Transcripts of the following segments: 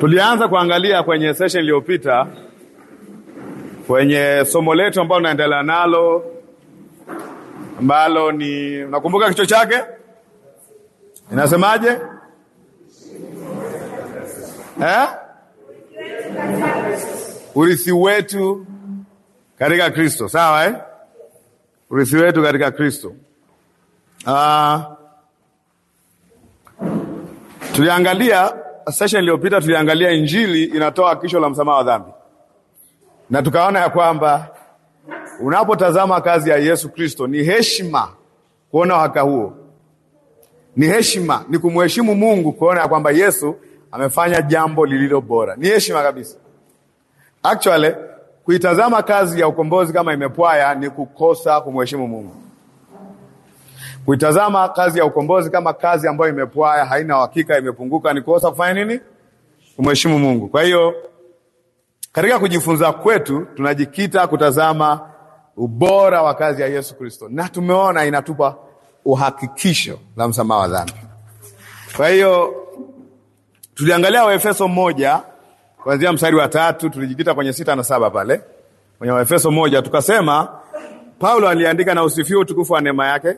Tulianza kuangalia kwenye session iliyopita kwenye somo letu ambalo tunaendelea nalo ambalo ni unakumbuka kichwa chake inasemaje eh? Urithi wetu katika Kristo, sawa eh? Urithi wetu katika Kristo. Ah, tuliangalia session iliyopita tuliangalia Injili inatoa hakikisho la msamaha wa dhambi, na tukaona ya kwamba unapotazama kazi ya Yesu Kristo ni heshima kuona uhaka huo, ni heshima, ni kumheshimu Mungu kuona ya kwamba Yesu amefanya jambo lililo bora, ni heshima kabisa. Actually, kuitazama kazi ya ukombozi kama imepwaya ni kukosa kumheshimu Mungu. Kuitazama kazi ya ukombozi kama kazi ambayo imepwaya, haina uhakika, imepunguka, ni kosa kufanya nini? Kumheshimu Mungu. Kwa hiyo katika kujifunza kwetu tunajikita kutazama ubora wa kazi ya Yesu Kristo, na tumeona inatupa uhakikisho la msamaha wa dhambi. Kwa hiyo tuliangalia Waefeso moja kuanzia mstari wa tatu, tulijikita kwenye sita na saba pale kwenye Waefeso moja, tukasema Paulo aliandika na usifiwe utukufu wa neema yake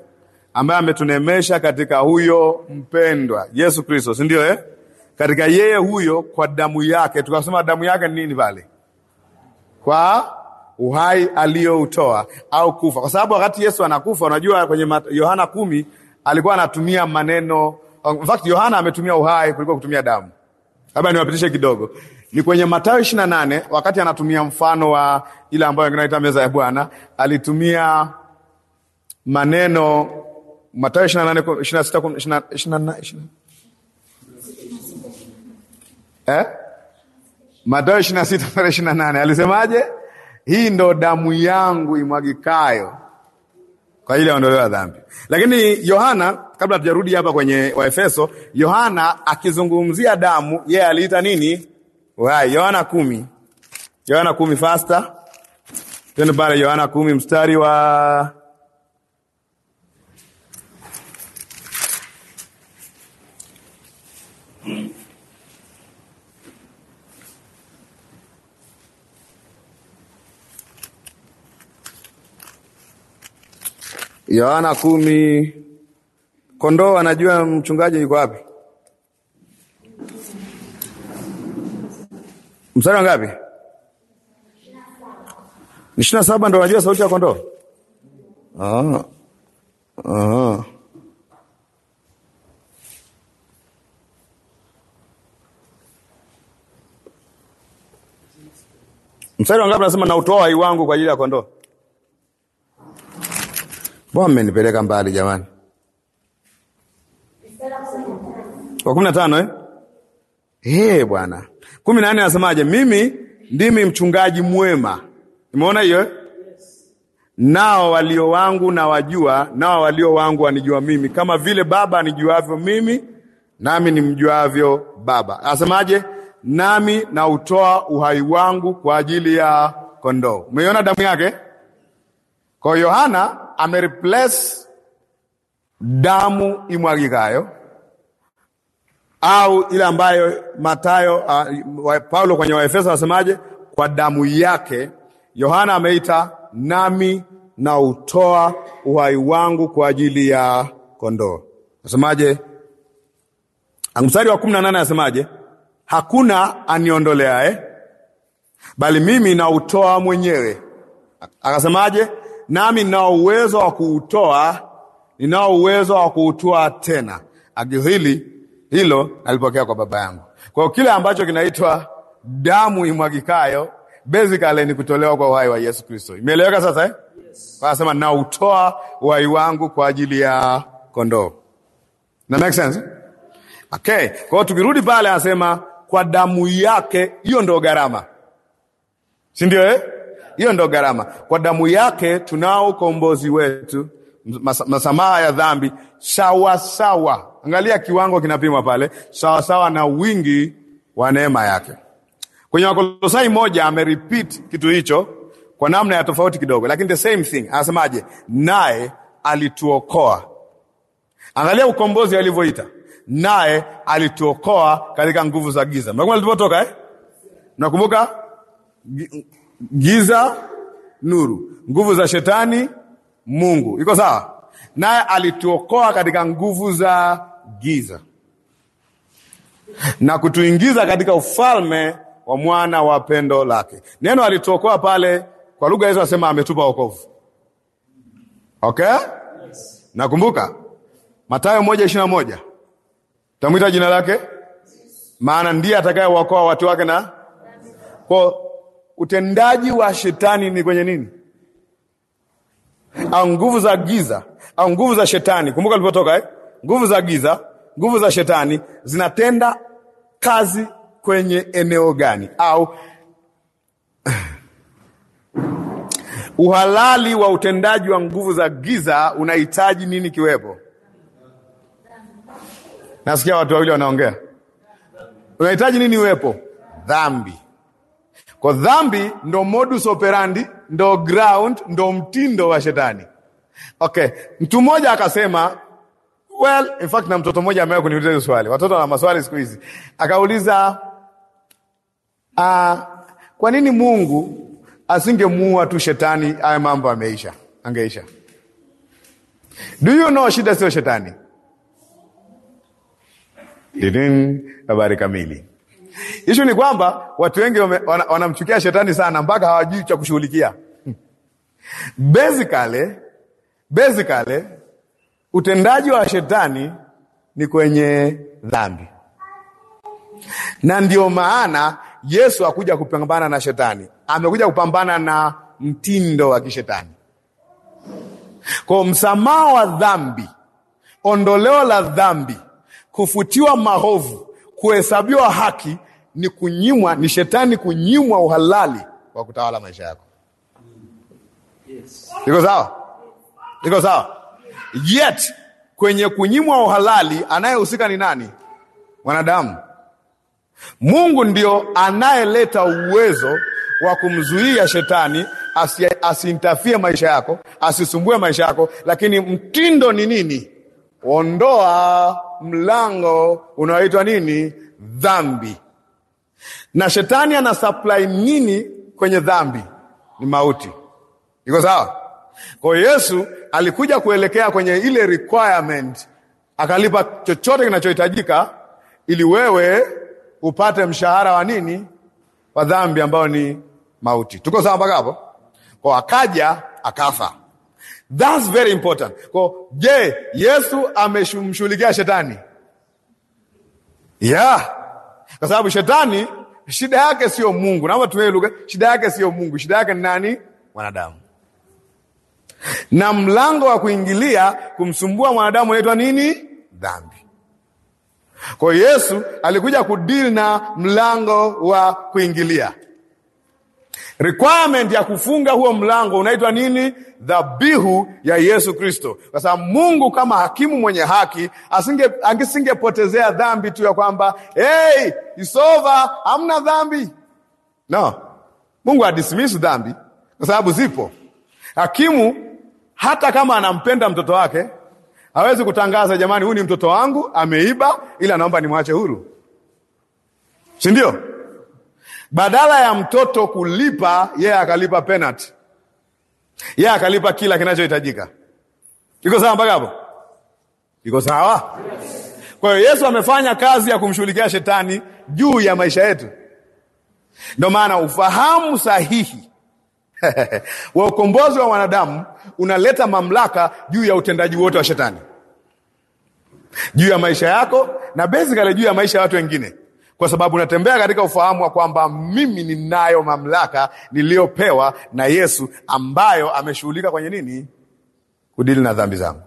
ambaye ametunemesha katika huyo mpendwa Yesu Kristo, si ndio eh? Katika yeye huyo kwa damu yake. Tukasema damu yake ni nini pale? Kwa uhai aliyoutoa au kufa, kwa sababu wakati Yesu anakufa, unajua kwenye Yohana kumi alikuwa anatumia maneno. In fact Yohana ametumia uhai kuliko kutumia damu. Labda niwapitishe kidogo, ni kwenye Mathayo ishirini na nane wakati anatumia mfano wa ile ambayo wengine wanaita meza ya Bwana, alitumia maneno Mathayo ishirini na nane ishirini na sita ishirini na eh? Mathayo ishirini na sita ishirini na nane alisemaje? Hii ndo damu yangu imwagikayo kwa ajili ya ondoleo la dhambi. Lakini Yohana, kabla tujarudi hapa kwenye Waefeso, Yohana akizungumzia damu, yeye yeah, aliita nini Wai, Yohana kumi, Yohana kumi fasta, twende pale Yohana kumi mstari wa Yohana kumi. Kondoo anajua mchungaji yuko wapi? Mstari wangapi? Ni ishirini na saba ndo anajua sauti ya kondoo. Ah. Ah. Mstari wangapi? Nasema nautoa uhai wangu kwa ajili ya kondoo. Mbona mmenipeleka mbali jamani? Wa kumi na tano eh? Hey, bwana kumi na nne anasemaje? Mimi ndimi mchungaji mwema. Umeona hiyo eh? Nao walio wangu na wajua, nao walio wangu wanijua mimi, kama vile Baba anijuavyo mimi, nami nimjuavyo Baba. Anasemaje? Nami nautoa uhai wangu kwa ajili ya kondoo. Umeiona damu yake? Kwa Yohana amereplace damu imwagikayo au ile ambayo Matayo uh, ah, Paulo kwenye Waefeso anasemaje Kwa damu yake. Yohana ameita nami na utoa uhai wangu kwa ajili ya kondoo. Nasemaje? Ah, mstari wa kumi na nane anasemaje? Hakuna aniondoleae, bali mimi nautoa mwenyewe. Akasemaje? nami ninao uwezo wa kuutoa, ninao uwezo wa kuutoa tena. Agizo hili hilo nalipokea kwa baba yangu. Kwa hiyo kile ambacho kinaitwa damu imwagikayo basically ni kutolewa kwa uhai wa Yesu Kristo. Imeeleweka sasa eh? Yes. Anasema nautoa uhai wangu kwa ajili ya kondoo. Na make sense? Eh? Okay. Kwa hiyo tukirudi pale anasema kwa damu yake, hiyo ndio gharama, si ndio eh? Hiyo ndo gharama. Kwa damu yake tunao ukombozi wetu, masamaha ya dhambi sawasawa sawa. Angalia kiwango kinapimwa pale sawasawa sawa na wingi wa neema yake. Kwenye Wakolosai moja amerepeat kitu hicho kwa namna ya tofauti kidogo, lakini the same thing. Anasemaje? Naye alituokoa. Angalia ukombozi alivyoita, naye alituokoa katika nguvu za giza. Mnakumbuka tulipotoka eh? Nakumbuka giza nuru, nguvu za shetani Mungu. Iko sawa? Naye alituokoa katika nguvu za giza na kutuingiza katika ufalme wa mwana wa pendo lake. Neno alituokoa pale kwa lugha hizo, asema ametupa wokovu. Okay, yes. Nakumbuka Mathayo moja ishirini na moja tamwita jina lake, maana ndiye atakayewaokoa watu wake na kwa utendaji wa shetani ni kwenye nini? Au nguvu za giza au nguvu za shetani. Kumbuka alipotoka eh? Nguvu za giza, nguvu za shetani zinatenda kazi kwenye eneo gani? Au uhalali wa utendaji wa nguvu za giza unahitaji nini kiwepo? Nasikia watu wawili wanaongea, unahitaji nini uwepo? Dhambi. Kwa dhambi ndo modus operandi, ndo ground, ndo mtindo wa shetani. Okay, mtu mmoja akasema well, in fact na mtoto mmoja amewahi kuniuliza hiyo swali. Watoto wana maswali siku hizi. Akauliza uh, kwa nini Mungu asingemuua tu shetani, haya mambo ameisha, angeisha. Do you know shida sio shetani? Didin, habari kamili. Ishu ni kwamba watu wengi wanamchukia wana shetani sana mpaka hawajui cha kushughulikia. Basically, basically utendaji wa shetani ni kwenye dhambi, na ndio maana Yesu hakuja kupambana na shetani, amekuja kupambana na mtindo wa kishetani. Kwa msamaha wa dhambi, ondoleo la dhambi, kufutiwa mahovu kuhesabiwa haki ni kunyimwa, ni shetani kunyimwa uhalali wa kutawala maisha yako. Yes. Iko sawa? Iko sawa? Yet kwenye kunyimwa uhalali anayehusika ni nani? Mwanadamu. Mungu ndio anayeleta uwezo wa kumzuia shetani asiintafie maisha yako, asisumbue maisha yako, lakini mtindo ni nini? Ondoa mlango unaoitwa nini? Dhambi. Na shetani ana supply nini kwenye dhambi? Ni mauti. Iko sawa? Kwa Yesu alikuja kuelekea kwenye ile requirement, akalipa chochote kinachohitajika ili wewe upate mshahara wa nini? Wa dhambi, ambayo ni mauti. Tuko sawa mpaka hapo? Kwa akaja akafa That's very important. Kwa je, Yesu amemshughulikia shetani? Yeah. Kwa sababu shetani shida yake sio Mungu. Naomba tuwe lugha, shida yake sio Mungu. Shida yake ni nani? Mwanadamu. Na mlango wa kuingilia kumsumbua mwanadamu unaitwa nini? Dhambi. Kwa Yesu alikuja kudili na mlango wa kuingilia. Requirement ya kufunga huo mlango unaitwa nini? dhabihu ya Yesu Kristo, kwa sababu Mungu kama hakimu mwenye haki asinge asingepotezea dhambi tu ya kwamba hey, isova hamna dhambi no. Mungu adismisu dhambi kwa sababu zipo. Hakimu hata kama anampenda mtoto wake hawezi kutangaza, jamani, huyu ni mtoto wangu ameiba, ila naomba nimwache huru, si ndio? Badala ya mtoto kulipa yeye, yeah, akalipa penati yeye akalipa kila kinachohitajika. Iko sawa mpaka hapo? Iko sawa? Kwa hiyo Yesu amefanya kazi ya kumshughulikia shetani juu ya maisha yetu. Ndio maana ufahamu sahihi wa ukombozi wa wanadamu unaleta mamlaka juu ya utendaji wote wa shetani, juu ya maisha yako na basically juu ya maisha ya watu wengine kwa sababu natembea katika ufahamu wa kwamba mimi ninayo mamlaka niliyopewa na Yesu ambayo ameshughulika kwenye nini? Kudili na dhambi zangu.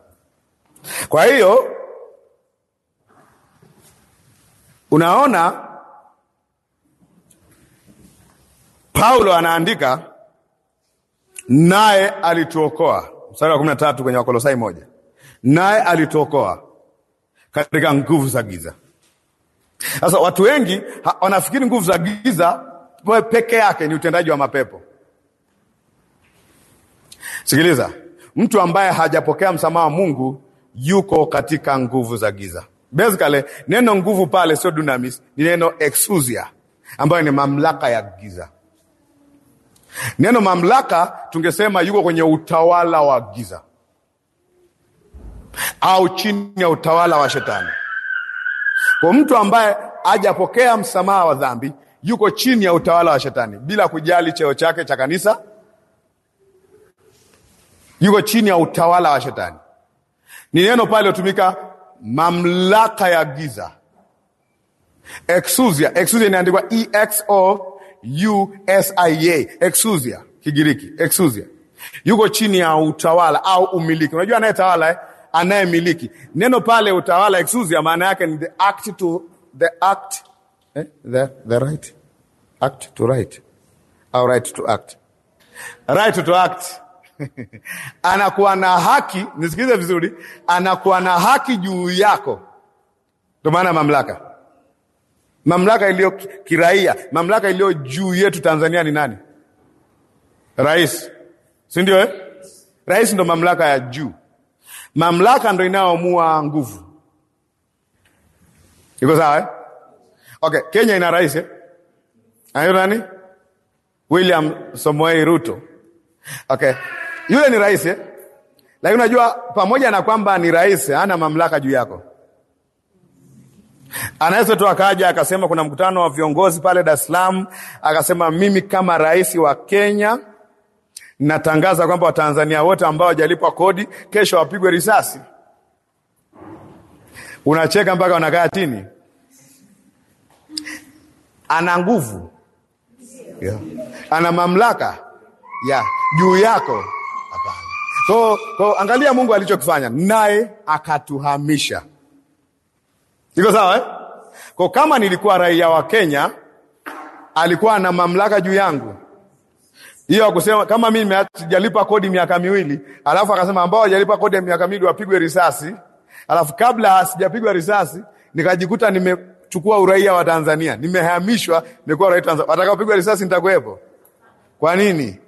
Kwa hiyo unaona Paulo anaandika naye alituokoa, mstari wa kumi na tatu kwenye Wakolosai moja, naye alituokoa katika nguvu za giza sasa watu wengi wanafikiri nguvu za giza peke yake ni utendaji wa mapepo. Sikiliza, mtu ambaye hajapokea msamaha wa Mungu yuko katika nguvu za giza. Basically, neno nguvu pale sio dunamis, ni neno exousia ambayo ni mamlaka ya giza. Neno mamlaka tungesema yuko kwenye utawala wa giza au chini ya utawala wa shetani. Kwa mtu ambaye hajapokea msamaha wa dhambi, yuko chini ya utawala wa shetani, bila kujali cheo chake cha kanisa, yuko chini ya utawala wa shetani. Ni neno pale hutumika mamlaka ya giza, exousia. Exousia inaandikwa e x o u s i a, exousia Kigiriki, exousia. Yuko chini ya utawala au umiliki. Unajua anayetawala eh? anayemiliki. Neno pale utawala exousia, maana yake ni the act to the act eh, the, the right act to right au right to act right to act anakuwa na haki, nisikilize vizuri, anakuwa na haki juu yako. ndo maana mamlaka mamlaka iliyo kiraia, mamlaka iliyo juu yetu Tanzania ni nani? Rais, si ndio eh? Rais ndo mamlaka ya juu. Mamlaka ndo inayoamua nguvu. Iko sawa eh? Okay, Kenya ina rais eh? Ayo ah, nani? William somoei Ruto. Okay, yule ni rais, eh? lakini unajua, pamoja na kwamba ni rais, ana mamlaka juu yako. Anaweza tu akaja akasema kuna mkutano wa viongozi pale Dar es Salaam, akasema mimi kama rais wa Kenya Natangaza kwamba Watanzania wote ambao wajalipwa kodi kesho wapigwe risasi. Unacheka mpaka wanakaa chini. Ana nguvu yeah. Ana mamlaka yeah. juu yako hapana. So, so angalia Mungu alichokifanya, naye akatuhamisha. Iko sawa eh? Kwa kama nilikuwa raia wa Kenya, alikuwa ana mamlaka juu yangu hiyo akusema kama mimi sijalipa kodi miaka miwili, alafu akasema ambao hajalipa kodi ya miaka miwili wapigwe risasi, alafu kabla sijapigwa risasi nikajikuta nimechukua uraia wa Tanzania, nimehamishwa, nimekuwa raia Tanzania, watakaopigwa risasi nitakuwepo. Kwa nini?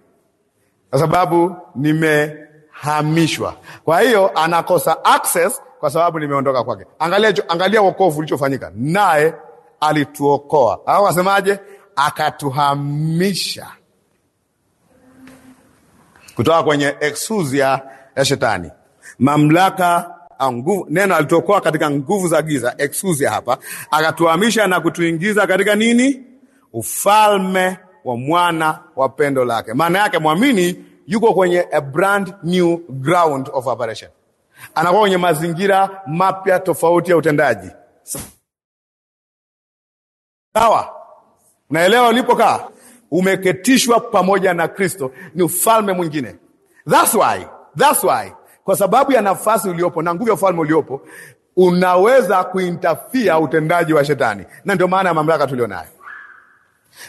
Kwa sababu nimehamishwa. Kwa hiyo anakosa access kwa sababu nimeondoka kwake. Angalia, angalia wokovu ulichofanyika naye, alituokoa au asemaje? Akatuhamisha kutoka kwenye exousia ya shetani, mamlaka nguvu. Neno alitokoa katika nguvu za giza, exousia hapa, akatuhamisha na kutuingiza katika nini? Ufalme wa mwana wa pendo lake. Maana yake mwamini yuko kwenye a brand new ground of operation, anakuwa kwenye mazingira mapya tofauti ya utendaji. Sawa, unaelewa ulipokaa umeketishwa pamoja na Kristo, ni ufalme mwingine. That's why, that's why, kwa sababu ya nafasi uliopo na nguvu ya ufalme uliopo unaweza kuintafia utendaji wa shetani, na ndio maana ya mamlaka tulionayo.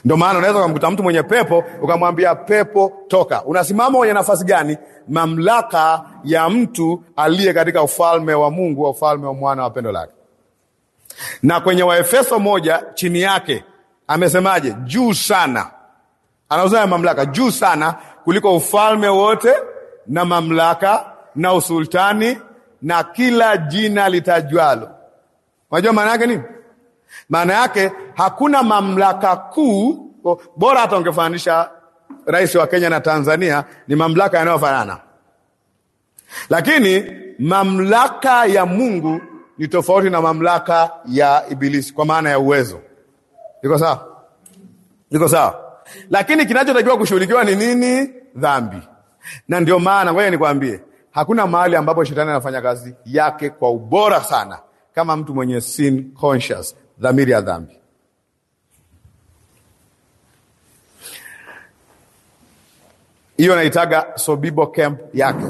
Ndio maana unaweza ukamkuta mtu mwenye pepo ukamwambia pepo toka. Unasimama kwenye nafasi gani? Mamlaka ya mtu aliye katika ufalme wa Mungu, wa ufalme wa mwana wa pendo lake. Na kwenye Waefeso moja chini yake amesemaje? Juu sana anauzana mamlaka juu sana kuliko ufalme wote na mamlaka na usultani na kila jina litajwalo. Unajua maana yake nini? Maana yake hakuna mamlaka kuu bora. Hata ungefananisha rais wa Kenya na Tanzania, ni mamlaka yanayofanana, lakini mamlaka ya Mungu ni tofauti na mamlaka ya Ibilisi kwa maana ya uwezo. Iko sawa? Iko sawa? lakini kinachotakiwa kushughulikiwa ni nini? Dhambi. Na ndio maana ngoja nikwambie, hakuna mahali ambapo shetani anafanya kazi yake kwa ubora sana kama mtu mwenye sin conscious, dhamiri ya dhambi. Hiyo naitaga Sobibo camp yake,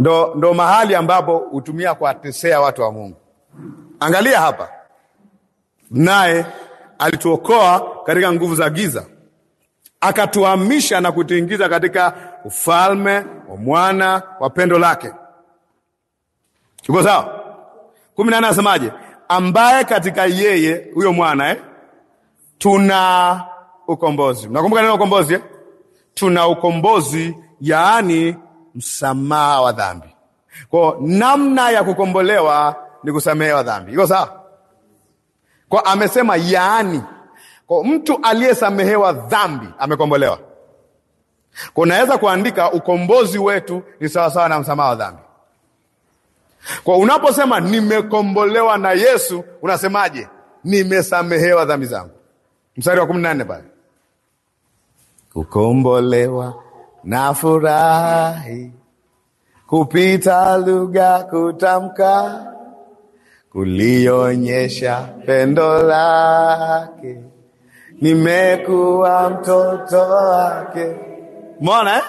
ndo, ndo mahali ambapo hutumia kuwatesea watu wa Mungu. Angalia hapa naye alituokoa katika nguvu za giza akatuhamisha na kutuingiza katika ufalme wa mwana wa pendo lake. iko sawa? kumi na nane anasemaje? ambaye katika yeye huyo mwana eh? tuna ukombozi. Mnakumbuka neno ukombozi eh? tuna ukombozi, yaani msamaha wa dhambi. Kwao namna ya kukombolewa ni kusamehewa dhambi. Iko sawa? kwa amesema yaani, kwa mtu aliyesamehewa dhambi amekombolewa. Kunaweza kuandika ukombozi wetu ni sawasawa na msamaha wa dhambi. Kwa unaposema nimekombolewa na Yesu, unasemaje? Nimesamehewa dhambi zangu. Mstari wa kumi na nne pale, kukombolewa na furahi kupita lugha kutamka kulionyesha pendo lake, nimekuwa mtoto wake. mona eh?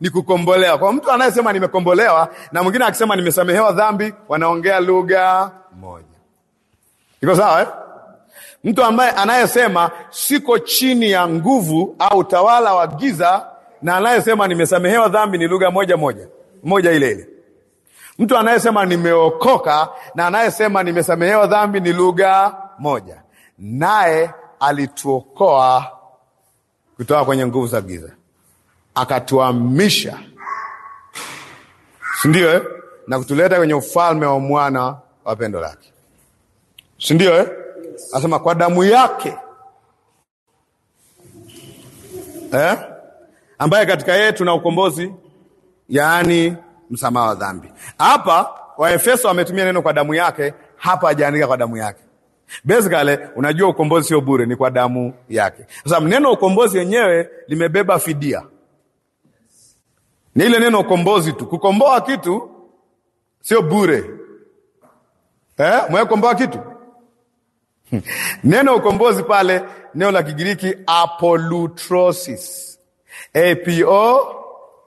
Ni kukombolewa kwa mtu anayesema nimekombolewa na mwingine akisema nimesamehewa dhambi, wanaongea lugha moja. Iko sawa eh? Mtu ambaye anayesema siko chini ya nguvu au utawala wa giza na anayesema nimesamehewa dhambi ni lugha moja moja moja ile ile. Mtu anayesema nimeokoka na anayesema nimesamehewa dhambi ni lugha moja, naye alituokoa kutoka kwenye nguvu za giza akatuamisha, si ndio eh? na kutuleta kwenye ufalme wa mwana wa pendo lake, si ndio eh? Anasema kwa damu yake eh? ambaye katika yeye tuna ukombozi, yaani msamaha wa dhambi. Hapa Waefeso wametumia neno kwa damu yake, hapa hajaandika kwa damu yake. Basically, unajua ukombozi sio bure, ni kwa damu yake. Sasa neno ukombozi wenyewe limebeba fidia, ni ile neno ukombozi tu. Kukomboa kitu sio bure eh? Mwekomboa kitu neno ukombozi pale, neno la Kigiriki apolutrosis, apo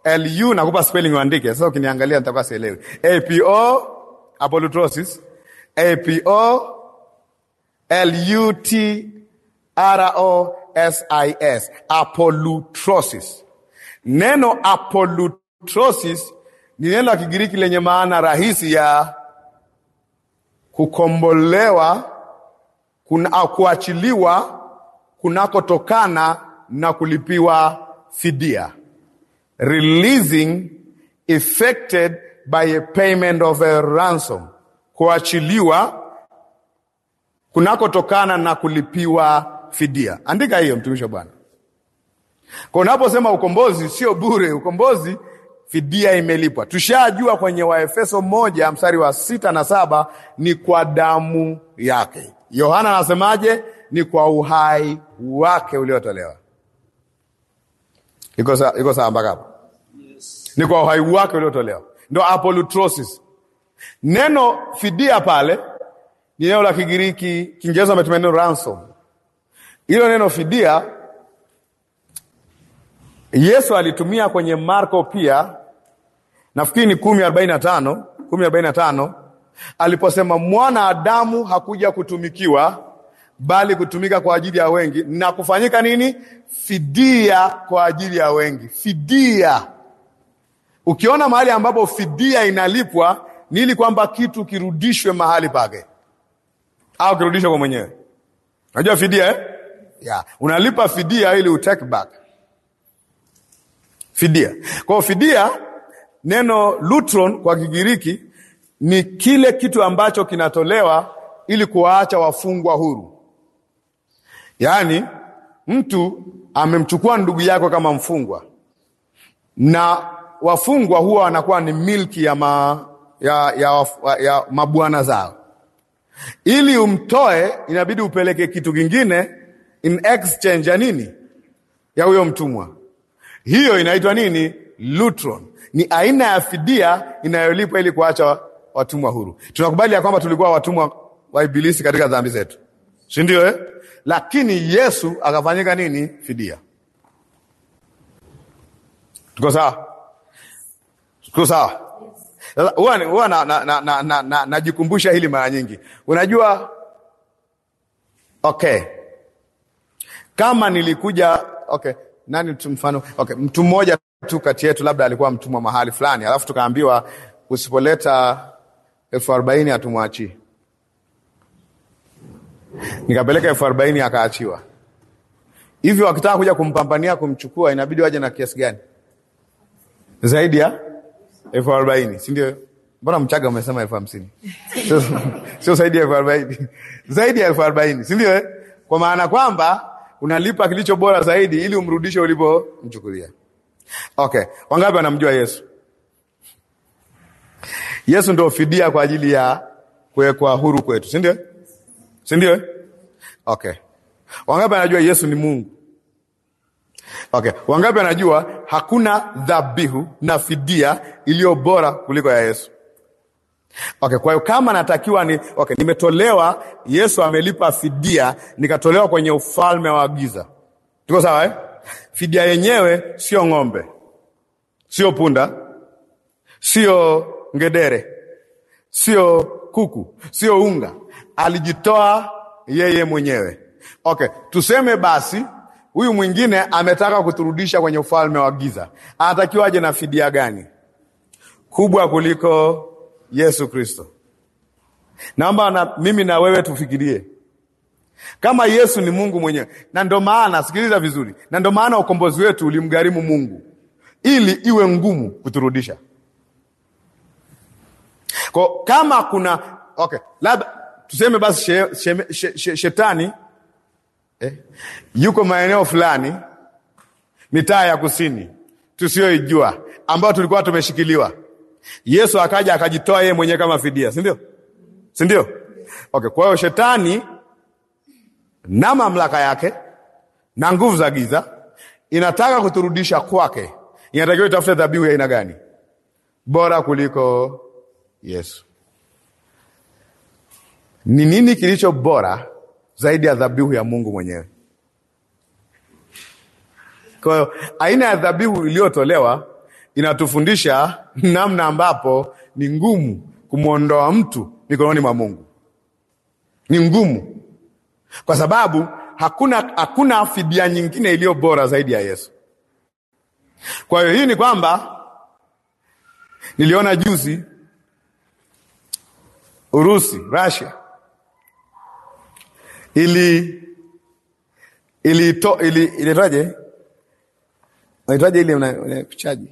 LU nakupa spelling uandike. Sasa ukiniangalia nitakuwa sielewi. APO apolutrosis. APO LUTROSIS. Apolutrosis. Neno apolutrosis ni neno la Kigiriki lenye maana rahisi ya kukombolewa kuna, kuachiliwa kunakotokana na kulipiwa fidia releasing effected by a payment of a ransom, kuachiliwa kunakotokana na kulipiwa fidia. Andika hiyo, mtumishi wa Bwana. Kwa unaposema ukombozi sio bure, ukombozi fidia imelipwa. Tushajua kwenye Waefeso moja mstari wa sita na saba ni kwa damu yake. Yohana anasemaje? Ni kwa uhai wake uliotolewa. Iko sawa, iko sawa mpaka hapo? Ni kwa uhai wake uliotolewa, ndo apolutrosis. Neno fidia pale ni neno la Kigiriki, Kiingereza ametumia neno ransom. Hilo neno fidia Yesu alitumia kwenye Marko pia, nafikiri ni kumi arobaini na tano kumi arobaini na tano aliposema mwana Adamu hakuja kutumikiwa bali kutumika kwa ajili ya wengi na kufanyika nini? Fidia kwa ajili ya wengi. Fidia, ukiona mahali ambapo fidia inalipwa ni ili kwamba kitu kirudishwe mahali pake au kirudishwe kwa mwenyewe. Unajua fidia eh? Yeah. Unalipa fidia ili take back fidia. Kwa fidia, neno lutron kwa Kigiriki ni kile kitu ambacho kinatolewa ili kuwaacha wafungwa huru Yaani mtu amemchukua ndugu yako kama mfungwa, na wafungwa huwa wanakuwa ni milki ya, ma, ya, ya, ya mabwana zao. Ili umtoe, inabidi upeleke kitu kingine in exchange ya nini, ya huyo mtumwa. Hiyo inaitwa nini? Lutron. Ni aina ya fidia inayolipwa ili kuacha watumwa huru. Tunakubali ya kwamba tulikuwa watumwa wa Ibilisi katika dhambi zetu, si ndio eh? lakini Yesu akafanyika nini? Fidia. Tuko sawa? Tuko sawa? Huwa na najikumbusha hili mara nyingi. Unajua, okay, kama nilikuja okay, nani mfano okay, mtu mmoja tu kati yetu labda alikuwa mtumwa mahali fulani, alafu tukaambiwa usipoleta elfu arobaini hatumwachii nikapeleka elfu arobaini akaachiwa. Hivyo wakitaka kuja kumpambania kumchukua, inabidi waje na kiasi gani zaidi ya elfu arobaini sindio Mbona Mchaga umesema elfu hamsini sio zaidi ya elfu arobaini zaidi ya elfu arobaini sindio eh? Kwa maana kwamba unalipa kilicho bora zaidi ili umrudishe ulipomchukulia. Okay, wangapi wanamjua Yesu? Yesu ndo fidia kwa ajili ya kuwekwa huru kwetu, sindio sindio ok eh? Okay, wangapi anajua Yesu ni Mungu? Okay, wangapi anajua hakuna dhabihu na fidia iliyo bora kuliko ya Yesu? Okay, kwa hiyo kama natakiwa ni okay, nimetolewa, Yesu amelipa fidia, nikatolewa kwenye ufalme wa giza. Tuko sawa eh? Fidia yenyewe sio ng'ombe, sio punda, sio ngedere, sio kuku, sio unga alijitoa yeye mwenyewe. Okay, tuseme basi huyu mwingine ametaka kuturudisha kwenye ufalme wa giza, anatakiwaje na fidia gani kubwa kuliko Yesu Kristo? Naomba na, mimi na wewe tufikirie kama Yesu ni Mungu mwenyewe, na ndo maana, sikiliza vizuri, na ndo maana ukombozi wetu ulimgharimu Mungu ili iwe ngumu kuturudisha kwa kama kuna okay, labda Tuseme basi she, she, she, she, shetani eh, yuko maeneo fulani mitaa ya kusini tusiyoijua ambayo tulikuwa tumeshikiliwa. Yesu akaja akajitoa yeye mwenyewe kama fidia, sindio sindio Okay, kwa hiyo shetani na mamlaka yake na nguvu za giza inataka kuturudisha kwake, inatakiwa itafute dhabihu ya aina gani bora kuliko Yesu. Ni nini kilicho bora zaidi ya dhabihu ya Mungu mwenyewe? Kwa hiyo aina ya dhabihu iliyotolewa inatufundisha namna ambapo ni ngumu kumwondoa mtu mikononi mwa Mungu. Ni ngumu kwa sababu hakuna, hakuna fidia nyingine iliyo bora zaidi ya Yesu. Kwa hiyo hii ni kwamba niliona juzi Urusi, Russia ili ili to ili inaitaje inaitaje ile unakuchaji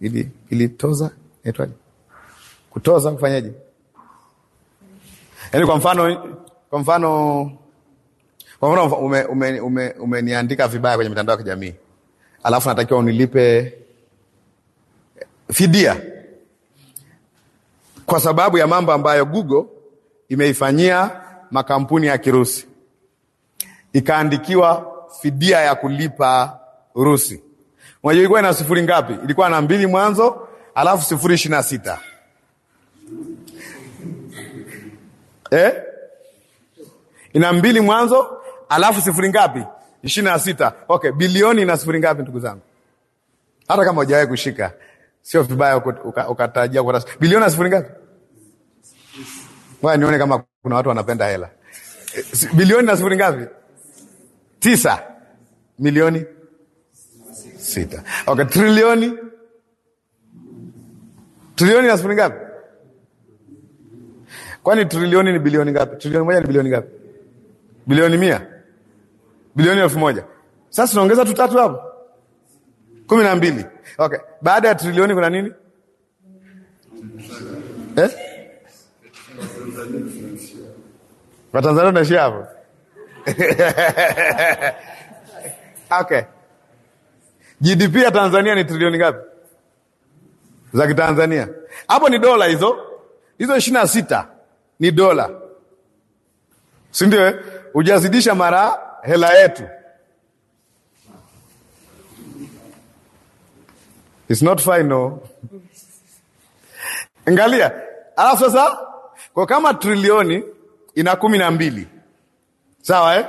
ili ilitoza inaitwaje kutoza kufanyaje yaani kwa mfano kwa mfano kwa mfano ume ume, ume, ume vibaya kwenye mitandao ya kijamii alafu natakiwa unilipe fidia kwa sababu ya mambo ambayo Google imeifanyia makampuni ya Kirusi, ikaandikiwa fidia ya kulipa Urusi. Unajua ilikuwa ina sifuri ngapi? Ilikuwa na mbili mwanzo, alafu sifuri ishirini na sita eh? ina mbili mwanzo, alafu sifuri ngapi? ishirini na sita. Okay, bilioni ina sifuri ngapi, ndugu zangu? Hata kama hujawahi kushika, sio vibaya ukatarajia. Bilioni na sifuri ngapi? Ngoja nione kama kuna watu wanapenda hela. Bilioni na sifuri ngapi? Tisa. Milioni sita. Okay, trilioni trilioni na sifuri ngapi? Kwani trilioni ni bilioni ngapi? Trilioni moja ni bilioni ngapi? Bilioni mia, bilioni elfu moja. Sasa tunaongeza tutatu hapo, kumi na mbili. Okay, baada ya trilioni kuna nini eh? Watanzania unaishia hapo okay. GDP ya Tanzania ni trilioni ngapi za Kitanzania? Hapo ni dola hizo hizo ishirini na sita ni dola, si ndio? Eh? Hujazidisha mara hela yetu. It's not Angalia alafu sasa kwa kama trilioni ina kumi na mbili sawa eh?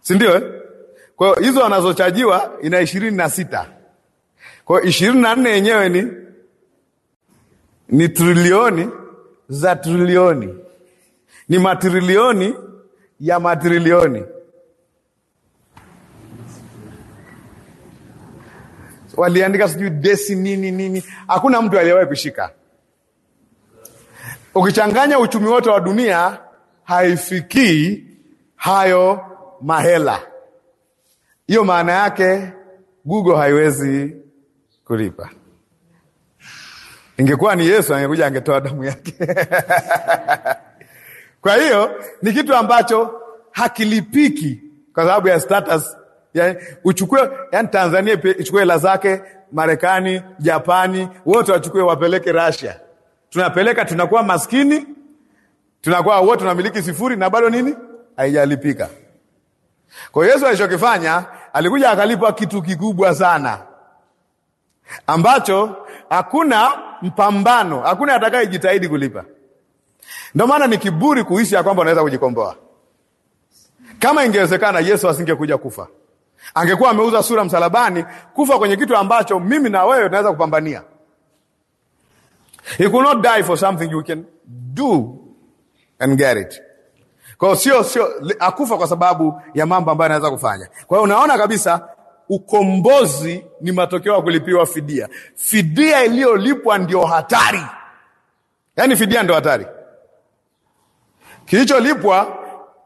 Sindio eh? Kwa hiyo hizo wanazochajiwa ina ishirini na sita kwa hiyo ishirini na nne yenyewe ni ni trilioni za trilioni, ni matrilioni ya matrilioni. Waliandika sijui desi nini nini, hakuna mtu aliyewahi kushika Ukichanganya uchumi wote wa dunia haifikii hayo mahela. Hiyo maana yake Google haiwezi kulipa. Ingekuwa ni Yesu angekuja angetoa damu yake. Kwa hiyo ni kitu ambacho hakilipiki kwa sababu ya status ya, uchukue yani Tanzania ichukue hela zake Marekani, Japani, wote wachukue wapeleke Russia tunapeleka, tunakuwa maskini, tunakuwa wote tunamiliki sifuri na bado nini haijalipika. Kwa Yesu alichokifanya alikuja akalipa kitu kikubwa sana ambacho hakuna mpambano, hakuna atakayejitahidi kulipa. Ndio maana ni kiburi kuishi ya kwamba unaweza kujikomboa. Kama ingewezekana, Yesu asingekuja kufa, angekuwa ameuza sura msalabani, kufa kwenye kitu ambacho mimi na wewe tunaweza kupambania. He could not die for something you can do and get it. Kwa sio sio akufa kwa sababu ya mambo ambayo anaweza kufanya. Kwa hiyo unaona kabisa ukombozi ni matokeo ya kulipiwa fidia. Fidia iliyolipwa ndio hatari, yaani fidia ndio hatari. Kilicholipwa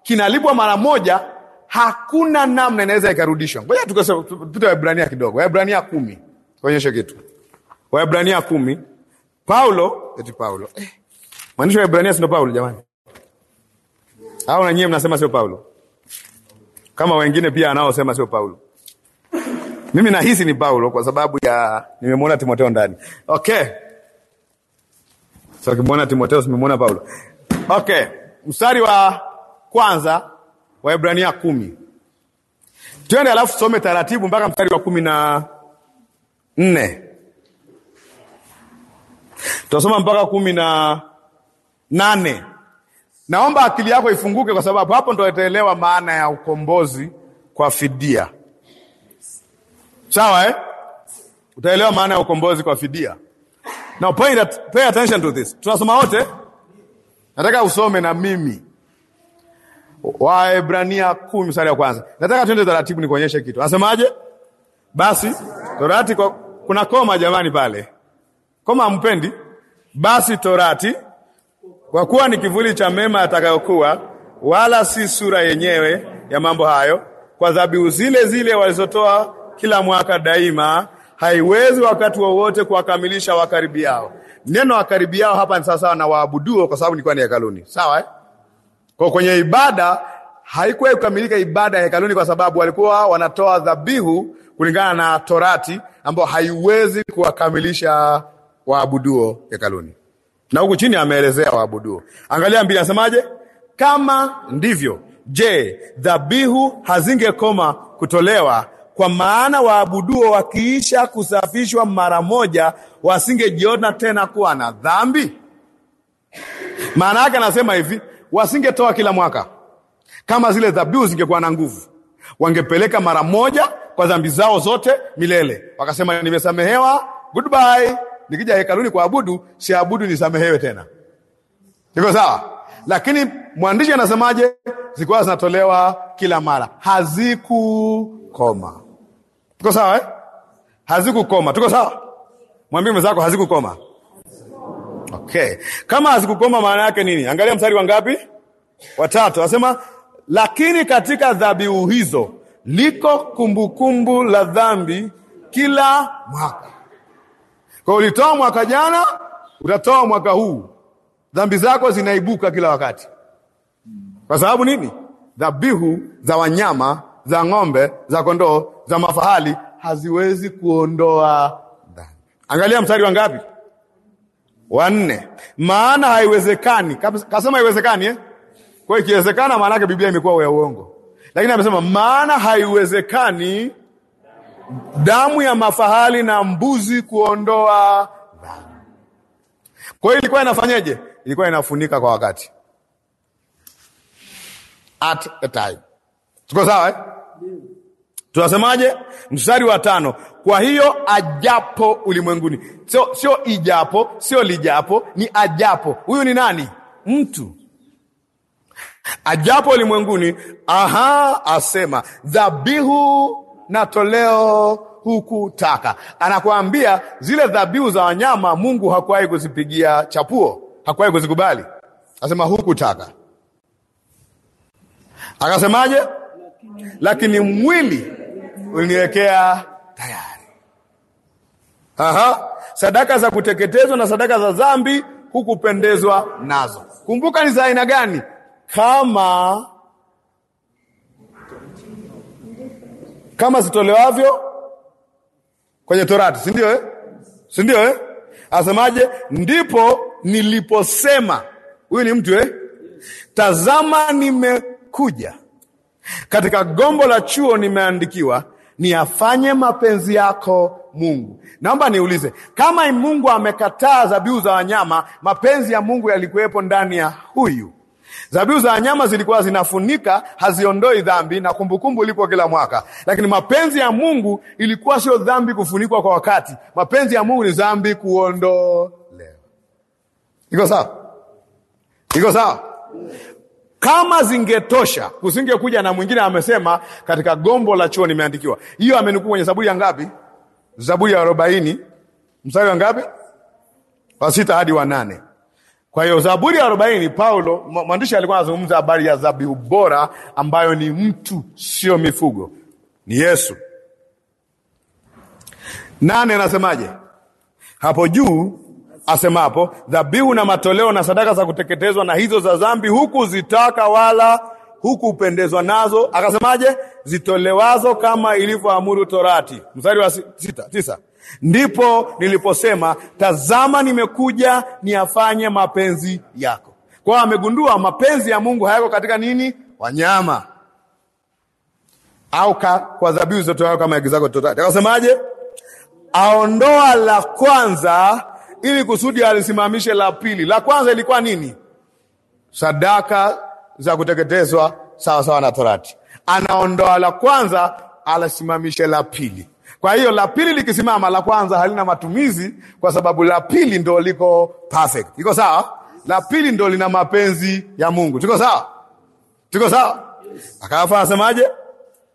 kinalipwa mara moja, hakuna namna inaweza ikarudishwa. Ngoja tukasema, tupite Waebrania kidogo. Waebrania kumi, tuonyeshe kitu. Waebrania kumi Paulo, eti Paulo. Eh. Mwandishi wa Ibrania sio Paulo jamani. au na nyinyi mnasema sio Paulo. Kama wengine pia anaosema sio Paulo. Mimi nahisi ni Paulo kwa sababu ya nimemwona timoteo ndani. Okay. so, kimwona Timotheo simemwona Paulo. Okay. Mstari wa kwanza wa Ibrania kumi. Twende alafu tusome taratibu mpaka mstari wa kumi na nne. Tutasoma mpaka kumi na nane. Naomba akili yako ifunguke, kwa sababu hapo ndo itaelewa maana ya ukombozi kwa fidia. Sawa eh? Utaelewa maana ya ukombozi kwa fidia. Now pay, that, pay attention to this. Tunasoma wote, nataka usome na mimi Waebrania kumi mstari wa kwanza. Nataka tuende taratibu, nikuonyeshe kitu. Anasemaje? Basi torati kwa, kuna koma jamani pale kama hampendi basi torati, kwa kuwa ni kivuli cha mema atakayokuwa, wala si sura yenyewe ya mambo hayo, kwa dhabihu zile zile walizotoa kila mwaka daima, haiwezi wakati wowote wa kuwakamilisha wakaribiao. Neno wakaribiao hapa ni sawasawa na waabuduo, kwa sababu nilikuwa ni hekaluni, sawa eh? Kwa kwenye ibada haikuwa kukamilika ibada ya hekaluni, kwa sababu walikuwa wanatoa dhabihu kulingana na torati ambayo haiwezi kuwakamilisha waabuduo hekaluni, na huku chini ameelezea waabuduo. Angalia mbili, anasemaje? Kama ndivyo, je, dhabihu hazingekoma kutolewa? Kwa maana waabuduo wakiisha kusafishwa mara moja, wasingejiona tena kuwa na dhambi. Maana yake anasema hivi, wasingetoa kila mwaka. Kama zile dhabihu zingekuwa na nguvu, wangepeleka mara moja kwa dhambi zao zote milele, wakasema nimesamehewa, goodbye nikija hekaluni kuabudu, siabudu nisamehewe tena. Iko sawa? Lakini mwandishi anasemaje? Zikuwa zinatolewa kila mara, hazikukoma. Tuko sawa eh? Hazikukoma. Tuko sawa? Mwambie mwenzako hazikukoma. Okay. Kama hazikukoma maana yake nini? Angalia mstari wa ngapi? Watatu. Anasema lakini katika dhabihu hizo liko kumbukumbu la dhambi kila mwaka. Kwa ulitoa mwaka jana, utatoa mwaka huu. Dhambi zako zinaibuka kila wakati. Kwa sababu nini? Dhabihu za wanyama, za ng'ombe, za kondoo, za mafahali haziwezi kuondoa dhambi. Angalia mstari wa ngapi? Wanne. Maana haiwezekani. Kasema haiwezekani eh? Kwa ikiwezekana maana yake Biblia imekuwa ya uongo. Lakini amesema maana haiwezekani damu ya mafahali na mbuzi kuondoa dhambi. Kwa hiyo ilikuwa inafanyeje? Ilikuwa inafunika kwa wakati, at the time. Tuko sawa eh? Tunasemaje? Mstari wa tano. Kwa hiyo ajapo ulimwenguni, sio sio ijapo, sio lijapo, ni ajapo. Huyu ni nani? Mtu ajapo ulimwenguni, aha, asema dhabihu na toleo hukutaka. Anakuambia zile dhabihu za wanyama Mungu hakuwahi kuzipigia chapuo, hakuwahi kuzikubali, asema hukutaka. Akasemaje? Lakini mwili uliniwekea tayari. Aha, sadaka za kuteketezwa na sadaka za dhambi hukupendezwa nazo. Kumbuka ni za aina gani? kama kama zitolewavyo kwenye Torati, si ndio eh? si ndio eh? Asemaje? Ndipo niliposema huyu ni mtu eh? Tazama, nimekuja katika gombo la chuo, nimeandikiwa afanye mapenzi yako Mungu. Naomba niulize, kama Mungu amekataa dhabihu za wanyama, mapenzi ya Mungu yalikuwepo ndani ya huyu Dhabihu za wanyama zilikuwa zinafunika, haziondoi dhambi na kumbukumbu ilipo kila mwaka, lakini mapenzi ya Mungu ilikuwa sio dhambi kufunikwa kwa wakati. Mapenzi ya Mungu ni dhambi kuondolewa. Iko sawa? Iko sawa? Kama zingetosha kusingekuja na mwingine. Amesema katika gombo la chuo, nimeandikiwa hiyo, amenukuu kwenye Zaburi ya ngapi? Zaburi ya arobaini mstari wa ngapi? wa sita hadi wa nane. Kwa hiyo Zaburi ya arobaini, Paulo mwandishi alikuwa anazungumza habari ya dhabihu bora ambayo ni mtu, sio mifugo, ni Yesu. Nane anasemaje hapo juu? Asemapo dhabihu na matoleo na sadaka za kuteketezwa na hizo za dhambi zitaka wala hukupendezwa nazo, akasemaje? Zitolewazo kama ilivyoamuru Torati. Mstari wa sita, tisa ndipo niliposema tazama, nimekuja afanye mapenzi yako. Kwao amegundua mapenzi ya Mungu hayako katika nini? Wanyama au ka, kwa dhabihu zotoao kama agizako zako Akasemaje? aondoa la kwanza ili kusudi alisimamishe la pili. La kwanza ilikuwa nini? Sadaka za kuteketezwa sawasawa na Torati. Anaondoa la kwanza, alasimamishe la pili. Kwa hiyo la pili likisimama, la kwanza halina matumizi, kwa sababu la pili ndo liko perfect. Iko sawa? La pili ndo lina mapenzi ya Mungu. Tuko sawa? Tuko sawa? Akafa asemaje?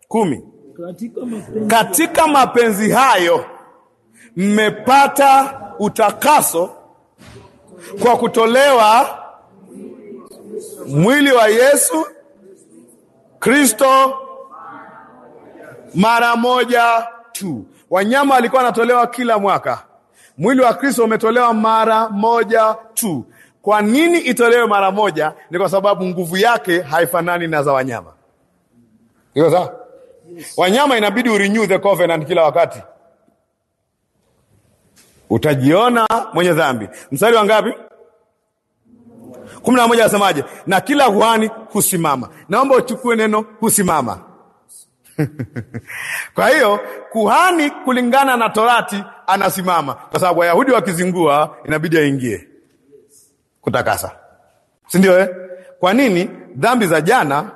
kumi. Katika mapenzi, katika mapenzi hayo mmepata utakaso kwa kutolewa mwili wa Yesu Kristo mara moja tu. Wanyama walikuwa wanatolewa kila mwaka, mwili wa Kristo umetolewa mara moja tu. Kwa nini itolewe mara moja? Ni kwa sababu nguvu yake haifanani na za wanyama. Iko sawa? Yes. Wanyama inabidi urenew the covenant kila wakati, utajiona mwenye dhambi. Mstari wa ngapi? kumi na moja. Asemaje? Na kila kuhani husimama. Naomba uchukue neno husimama Kwa hiyo kuhani kulingana na Torati anasimama, kwa sababu Wayahudi wakizingua inabidi aingie kutakasa, sindio Eh, kwa nini dhambi za jana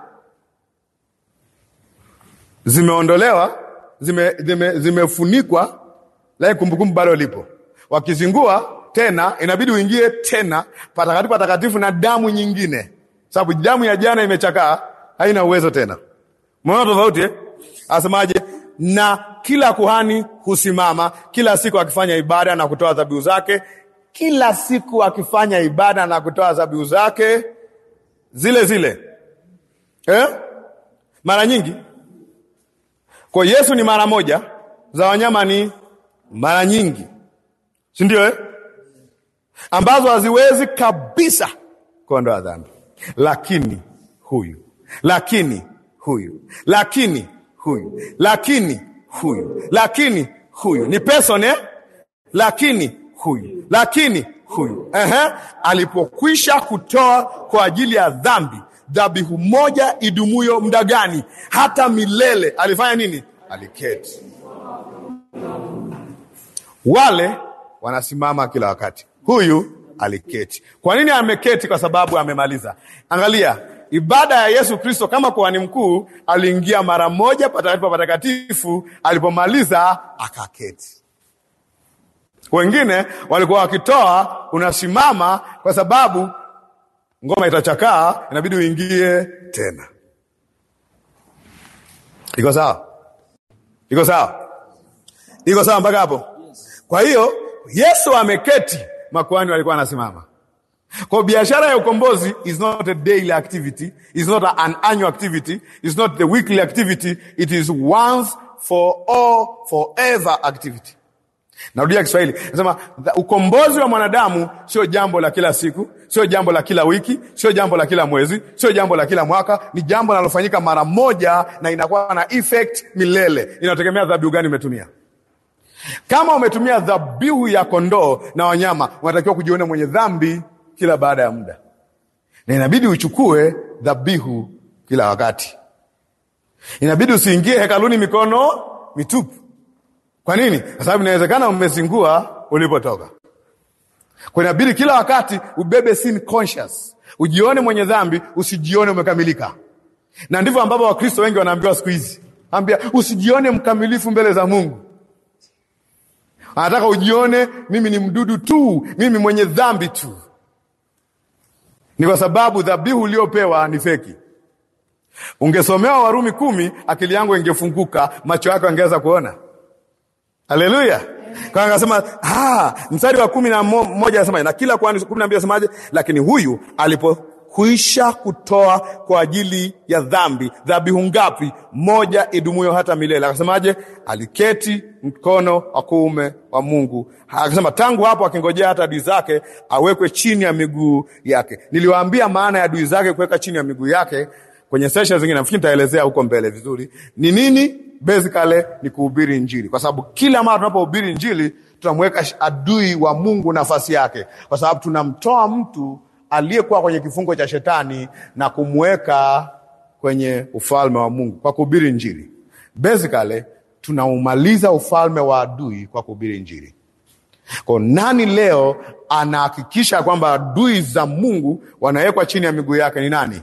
zimeondolewa, zime, zime, zimefunikwa, lai kumbukumbu bado lipo. Wakizingua tena inabidi uingie tena patakatifu patakatifu na damu nyingine, sababu damu ya jana imechakaa, haina uwezo tena. Mnaona tofauti eh? asemaje Na kila kuhani husimama kila siku akifanya ibada na kutoa dhabihu zake, kila siku akifanya ibada na kutoa dhabihu zake zile zile eh? mara nyingi kwa Yesu ni mara moja, za wanyama ni mara nyingi, si ndio eh? ambazo haziwezi kabisa kuondoa dhambi, lakini huyu, lakini huyu, lakini huyu, lakini huyu, lakini huyu ni person eh? Lakini huyu, lakini huyu uh Alipokwisha kutoa kwa ajili ya dhambi dhabihu moja idumuyo muda gani? Hata milele. Alifanya nini? Aliketi. Wale wanasimama kila wakati, huyu aliketi. Kwa nini ameketi? Kwa sababu amemaliza. Angalia ibada ya Yesu Kristo kama kuhani mkuu, aliingia mara moja patakatifu patakatifu, alipomaliza akaketi. Wengine walikuwa wakitoa, unasimama kwa sababu ngoma itachakaa, inabidi uingie tena. Iko sawa? Iko sawa? Iko sawa mpaka hapo? Kwa hiyo Yesu ameketi, makuhani walikuwa wanasimama. Kwa biashara ya ukombozi is not a daily activity, is not an annual activity, is not the weekly activity, it is once for all forever activity. Narudia Kiswahili, nasema ukombozi wa mwanadamu sio jambo la kila siku, sio jambo la kila wiki, sio jambo la kila mwezi, sio jambo la kila mwaka. Ni jambo linalofanyika mara moja na inakuwa na effect milele. Inategemea dhabihu gani umetumia. Kama umetumia dhabihu ya kondoo na wanyama, unatakiwa kujiona mwenye dhambi kila baada ya muda, na inabidi uchukue dhabihu kila wakati. Inabidi usiingie hekaluni mikono mitupu. Kwa nini? Kwa sababu inawezekana umezingua ulipotoka. Kwa inabidi kila wakati ubebe sin conscious, ujione mwenye dhambi, usijione umekamilika. Na ndivyo ambavyo Wakristo wengi wanaambiwa siku hizi, ambia usijione mkamilifu mbele za Mungu. Anataka ujione mimi ni mdudu tu, mimi mwenye dhambi tu ni kwa sababu dhabihu uliopewa ni feki. Ungesomewa Warumi kumi, akili yangu ingefunguka, macho yako angeweza kuona. Haleluya! Kwa akasema ah, mstari wa kumi na mo, moja anasema na kila kwani kumi na mbili asemaje? Lakini huyu alipo huisha kutoa kwa ajili ya dhambi dhabihu ngapi? Moja idumuyo hata milele. Akasemaje? Aliketi mkono wa kuume wa Mungu. Akasema tangu hapo akingojea hata adui zake awekwe chini ya miguu yake. Niliwaambia maana ya adui zake kuweka chini ya miguu yake kwenye sesha zingine, nafikiri nitaelezea huko mbele vizuri ni nini. Basically ni kuhubiri Injili, kwa sababu kila mara tunapohubiri Injili tunamweka adui wa Mungu nafasi yake, kwa sababu tunamtoa mtu aliyekuwa kwenye kifungo cha shetani na kumweka kwenye ufalme wa Mungu kwa kuhubiri Injili. Basically tunaumaliza ufalme wa adui kwa kuhubiri Injili. Kwa nani leo anahakikisha kwamba adui za Mungu wanawekwa chini ya miguu yake? Ni nani?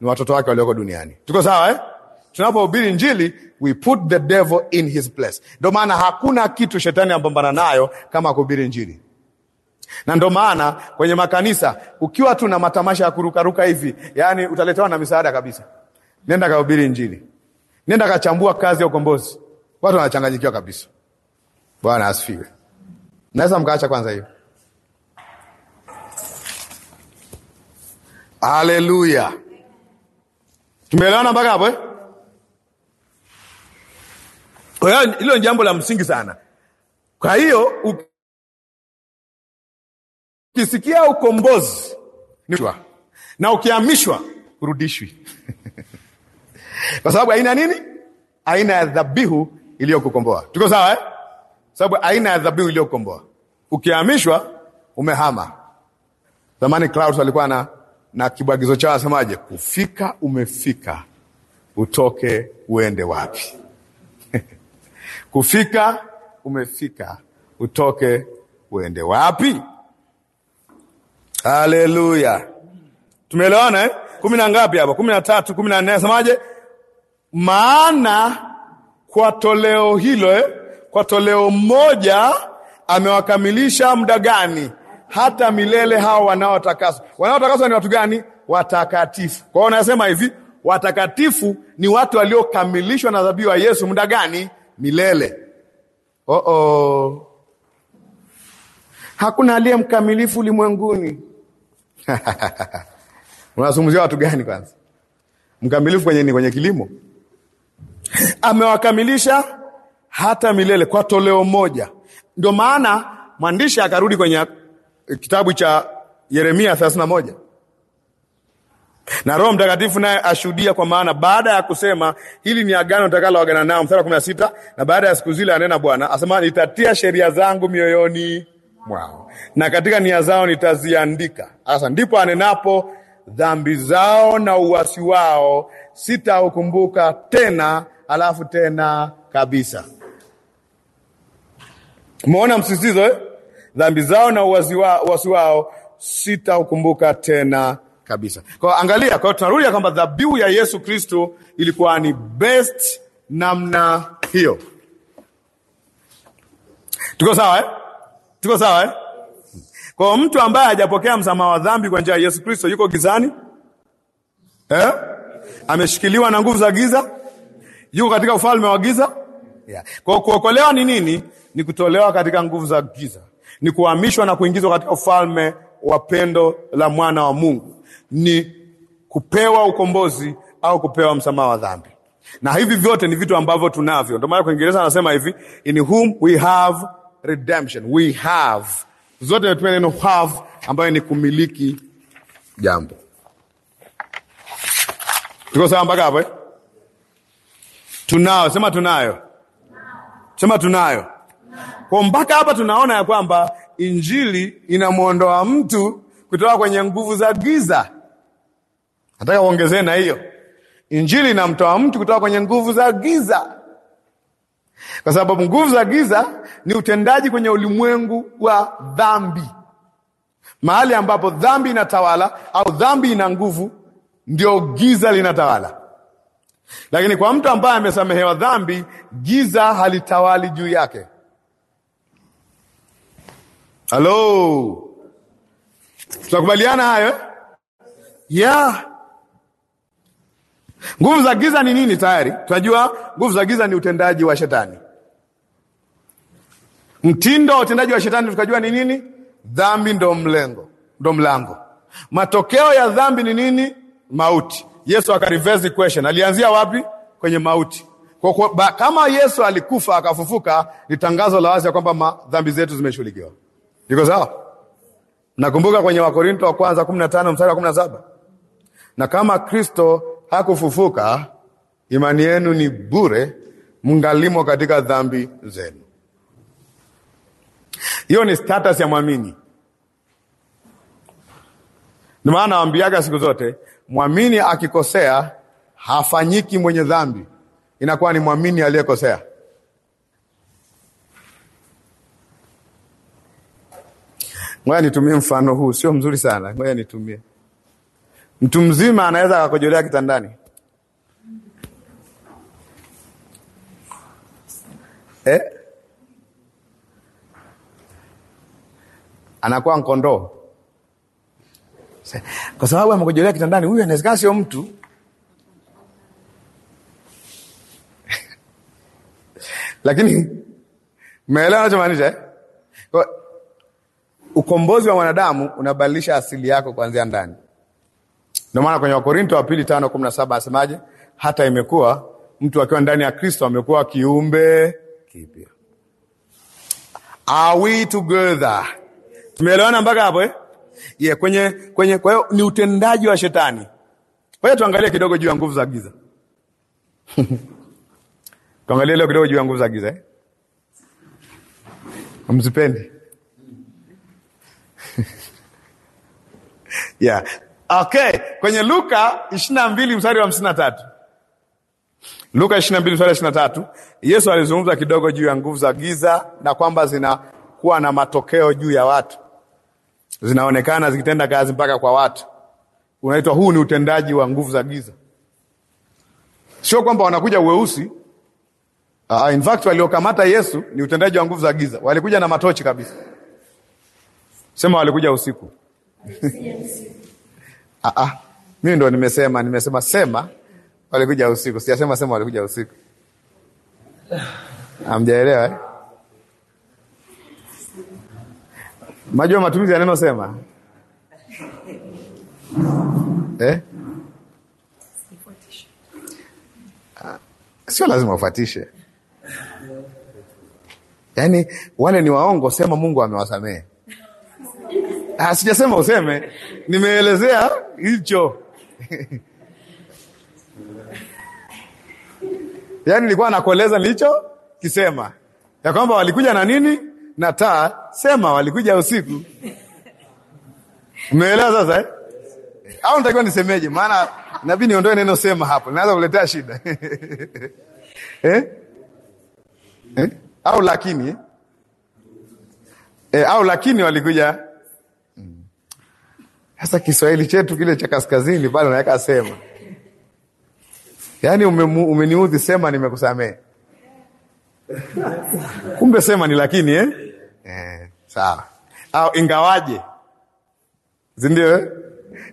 Ni watoto wake walioko duniani. Tuko sawa eh? Tunapohubiri Injili, we put the devil in his place. Ndio maana hakuna kitu shetani anapambana nayo kama kuhubiri Injili na ndo maana kwenye makanisa ukiwa tu na matamasha ya kurukaruka hivi, yaani utaletewa na misaada kabisa. Nenda kahubiri Injili, nenda kachambua kazi ya ukombozi. Watu wanachanganyikiwa kabisa. Bwana asifiwe. Naweza mkaacha kwanza hiyo. Haleluya, tumeelewana mpaka hapo eh? hilo ni jambo la msingi sana. Kwa hiyo Ukisikia ukombozi na ukihamishwa urudishwi kwa sababu aina ya nini? Aina ya dhabihu iliyokukomboa. Tuko sawa eh? Sababu aina ya dhabihu iliyokukomboa, ukihamishwa umehama. Zamani Klaus alikuwa na na kibwagizo chao, asemaje? Kufika umefika, utoke uende wapi? Kufika umefika, utoke uende wapi? Haleluya, tumeelewana eh? kumi na ngapi hapo kumi na tatu, kumi na nne. Nasemaje? maana kwa toleo hilo eh? kwa toleo moja amewakamilisha muda gani? hata milele hao wanaotakaswa. Wanaotakaswa ni watu gani? Watakatifu. Kwa hiyo nasema hivi, watakatifu ni watu waliokamilishwa na dhabihu ya Yesu muda gani? Milele. Oh -oh. Hakuna aliye mkamilifu ulimwenguni. unazungumzia watu gani kwanza? Mkamilifu kwenye ni Kwenye kilimo amewakamilisha hata milele kwa toleo moja. Ndio maana mwandishi akarudi kwenye kitabu cha Yeremia thelathini na moja na Roho Mtakatifu naye ashuhudia, kwa maana baada ya kusema hili ni agano nitakaloagana nao, mstari wa kumi na sita na baada ya siku zile anena Bwana asema, nitatia sheria zangu mioyoni mwao na katika nia zao nitaziandika. Sasa ndipo anenapo, dhambi zao na uwasi wao sitaukumbuka tena. Alafu tena kabisa, umeona msisitizo eh? Dhambi zao na uwasi wao sitaukumbuka tena kabisa. Kwa angalia, kwa tunarudia tunarudi kwamba dhabihu ya Yesu Kristo ilikuwa ni best namna hiyo. Tuko sawa eh? Tuko sawa eh? Kwa mtu ambaye hajapokea msamaha wa dhambi kwa njia ya Yesu Kristo yuko gizani eh? Ameshikiliwa na nguvu za giza, yuko katika ufalme wa giza yeah. Kwa kuokolewa ni nini? Ni kutolewa katika nguvu za giza, ni kuhamishwa na kuingizwa katika ufalme wa pendo la mwana wa Mungu, ni kupewa ukombozi au kupewa msamaha wa dhambi, na hivi vyote ni vitu ambavyo tunavyo. Ndio maana kwa Kiingereza anasema hivi, in whom we have redemption, we have zote natumia neno have ambayo ni kumiliki jambo. Tuko sawa mpaka hapo eh? sema tunayo, sema tunayo. Kwa mpaka hapa tunaona ya kwamba injili inamwondoa mtu kutoka kwenye nguvu za giza. Nataka uongezee na hiyo, injili inamtoa mtu kutoka kwenye nguvu za giza kwa sababu nguvu za giza ni utendaji kwenye ulimwengu wa dhambi. Mahali ambapo dhambi inatawala au dhambi ina nguvu, ndio giza linatawala. Lakini kwa mtu ambaye amesamehewa dhambi, giza halitawali juu yake. Halo, tunakubaliana hayo ya yeah. Nguvu za giza ni nini? Tayari tunajua nguvu za giza ni utendaji wa shetani. Mtindo wa utendaji wa shetani tukajua ni nini? Dhambi ndo mlengo, ndo mlango. Matokeo ya dhambi ni nini? Mauti. Yesu aka reverse question. Alianzia wapi? Kwenye mauti. Kwa, kwa, kama Yesu alikufa akafufuka, ni tangazo la wazi ya kwamba dhambi zetu zimeshughulikiwa. Iko sawa? Nakumbuka kwenye Wakorinto wa kwanza kumi na tano mstari wa kumi na saba na kama Kristo hakufufuka, imani yenu ni bure, mngalimo katika dhambi zenu. Hiyo ni status ya mwamini. Ndio maana nawambiaga siku zote, mwamini akikosea hafanyiki mwenye dhambi, inakuwa ni mwamini aliyekosea. Ngoja nitumie mfano huu, sio mzuri sana. Ngoja nitumie. Mtu mzima anaweza akakojolea kitandani, eh? anakuwa nkondoo kwa sababu amekujolea kitandani. Huyu anawezekana sio mtu lakini meelewa anachomaanisha eh? Ukombozi wa mwanadamu unabadilisha asili yako kuanzia ndani. Ndio maana kwenye Wakorinto wa pili tano kumi na saba asemaje Hata imekuwa mtu akiwa ndani ya Kristo amekuwa kiumbe kipya. Are we together? tumeelewana mpaka hapo eh? yeah, kwenye kwenye kwa hiyo ni utendaji wa shetani Kwa hiyo tuangalie kidogo juu ya nguvu za giza tuangalie leo kidogo juu ya nguvu za giza eh? mzipendi yeah. Okay, kwenye Luka ishirini na mbili mstari wa hamsini na tatu Luka ishirini na mbili mstari wa ishirini na tatu Yesu alizungumza kidogo juu ya nguvu za giza na kwamba zinakuwa na matokeo juu ya watu zinaonekana zikitenda kazi mpaka kwa watu. Unaitwa huu ni utendaji wa nguvu za giza. Sio kwamba wanakuja weusi. Uh, in fact waliokamata Yesu ni utendaji wa nguvu za giza, walikuja na matochi kabisa. Sema walikuja usiku ah, ah. Mimi ndo nimesema nimesema sema walikuja usiku, sijasema sema walikuja usiku. Amjaelewa ah, eh? majua matumizi ya neno sema eh? Ah, sio lazima ufuatishe, yaani wale ni waongo, sema Mungu amewasamehe. Ah, sijasema useme, nimeelezea hicho yaani nilikuwa nakueleza nilicho kisema ya kwamba walikuja na nini na taa, sema walikuja usiku. Umeelewa sasa eh? Au nitakiwa nisemeje? Maana nabii niondoe neno sema hapo, naweza kuletea shida eh? Eh? Au lakini eh? Eh, au lakini walikuja sasa Kiswahili chetu kile cha kaskazini pale unaweka sema, yaani umeniudhi, sema nimekusamehe. Kumbe sema ni lakini eh? Eh, sawa au ingawaje, sindio eh?